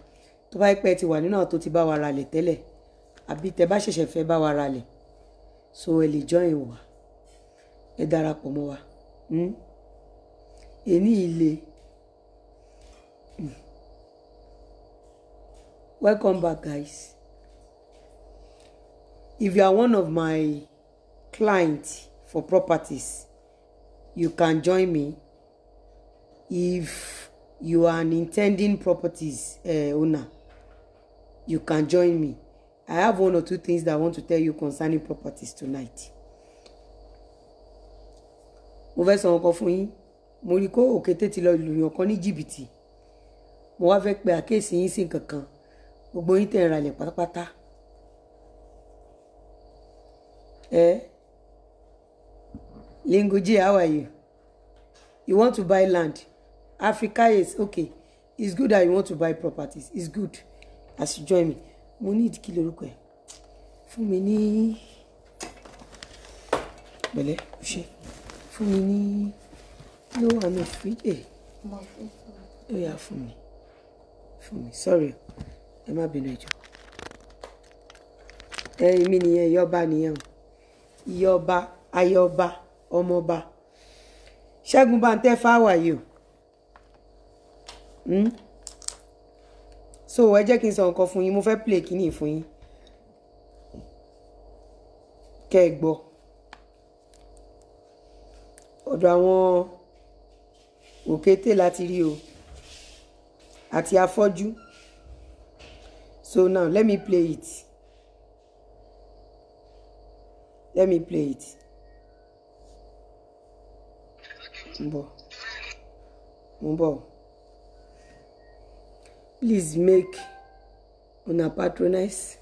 tó bá pẹ́ ti wà nínú àwọn tó ti bá wa ralẹ̀ tẹ́lẹ̀ àbí tẹ́ bá ṣẹ̀ṣẹ̀ fẹ́ bá wa ralẹ̀ so ẹ lè join wa ẹ darapọ̀ mọ́ wa èní hmm? ilé hmm. welcome back guys if you are one of my clients for properties you can join me if you are an intending properties uh, owner you can join me i have one or two things that i want to tell you concerning properties tonight mo fẹ́ sọ nǹkan fún yín mo rí i kó òkété ti lọ lùyàn kan ní jìbìtì mo wá fẹ́ pe àkéèsí yín sí nǹkan kan gbogbo yín tẹ̀ ń ralẹ̀ pátápátá Eh? Linguji, how are you? You want to buy land. Africa is okay. It's good that you want to buy properties. It's good. As you join me. Mo need kí lorúkọ ẹ̀. Fún mi ní no ṣe. Fún mi ní ló wà ní fídè. Eh. Ó yà Sorry. I'm má bínú ẹjọ́. Ẹ mi nìyẹn, ìyọba nìyẹn o ìyọba ayọba ọmọọba ṣẹ́gun báńtẹ́ fáwàyè o hmm? so ẹ jẹ́ kí n sọ nǹkan fún yín mo fẹ́ play kíní fún yín kẹ́ ẹ gbọ́ ọ̀dọ̀ àwọn òkété láti rí o àti afọ́jú so now let me play it. Let me play it. Mbo. Mbo. Please make una patronize.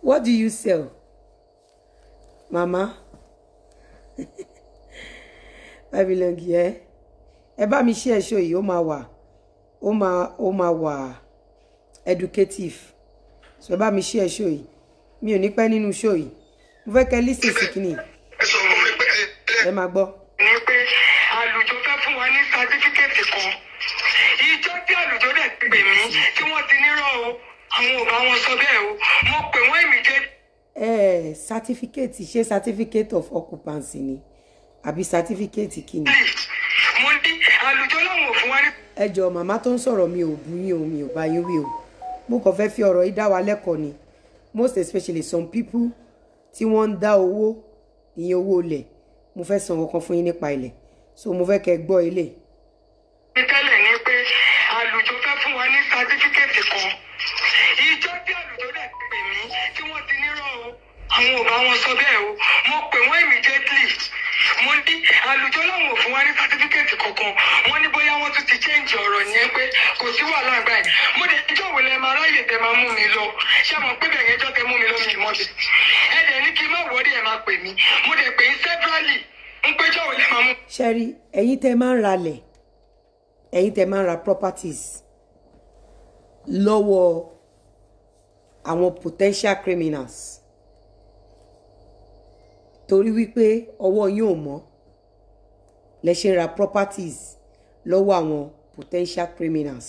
What do you sell? Mama. <laughs> Babylon here. Ẹ bá mi share show yìí ó máa wà ó máa ó máa wà educative. So eba bá mi share show yìí. Mi ò ni pẹ́ nínú show yìí mo fẹ́ kẹ́ lísì sí kìíní ẹ máa gbọ́. ní pé àlùjọ fẹ́ fún wa ní sátífíkẹ́tì kan ìjọ tí àlùjọ dẹ̀ ti gbè mí tí wọ́n ti nírọ̀ o o mo pè wọ́n certificate of occupancy ni àbí sátífíkẹ́tì kìíní. mo ní àlùjọ làwọn mi ò bú o mi ò bá yín wí o mo kàn fẹ́ fi ọ̀rọ̀ yìí dá wa lẹ́kọ̀ọ́ ni most especially some people tí wọ́n ń dá owó ìyẹn owó ilẹ̀ mo fẹ́ san kankan fún yín nípa ilẹ̀ so mo fẹ́ kẹ́ gbọ́ ilé. mi tẹ́lẹ̀ ní pé àlùjọ fẹ́ fún wa ní sátífíkẹ́tì kan ìjọ tí àlùjọ dẹ̀ pè mí tí wọ́n ti nírọ̀ o àwọn ò bá wọn sọ bẹ́ẹ̀ o mo pè wọ́n èmi jẹ́ kí Monday àlùjọ làwọn ò fún wa ní sátífíkẹ́ẹ̀tì kankan wọ́n ní bóyá wọ́n tún ti chẹ́ǹjì ọ̀rọ̀ yẹn pé kò sí wàhálà gbà yẹn mo dẹ̀ ẹjọ́ wo lẹ máa ráyè tẹ máa mú mi lọ ṣé mo pé bẹ̀rẹ̀ ẹjọ́ tẹ mú mi lọ sí ìmọ̀bi ẹ dẹ̀ ní kí n má wọrí ẹ máa pè mí mo dẹ̀ pè é severally ń péjọ́ wo lẹ máa mú. ṣẹ́rí ẹ̀yin tẹ máa ń ralẹ̀ ẹ̀yin tẹ máa ń ra properties lọ́wọ́ àwọn potential criminals torí wípé ọwọ́ yín ò mọ́ lẹ ṣe ra properties lọ́wọ́ àwọn potential criminals.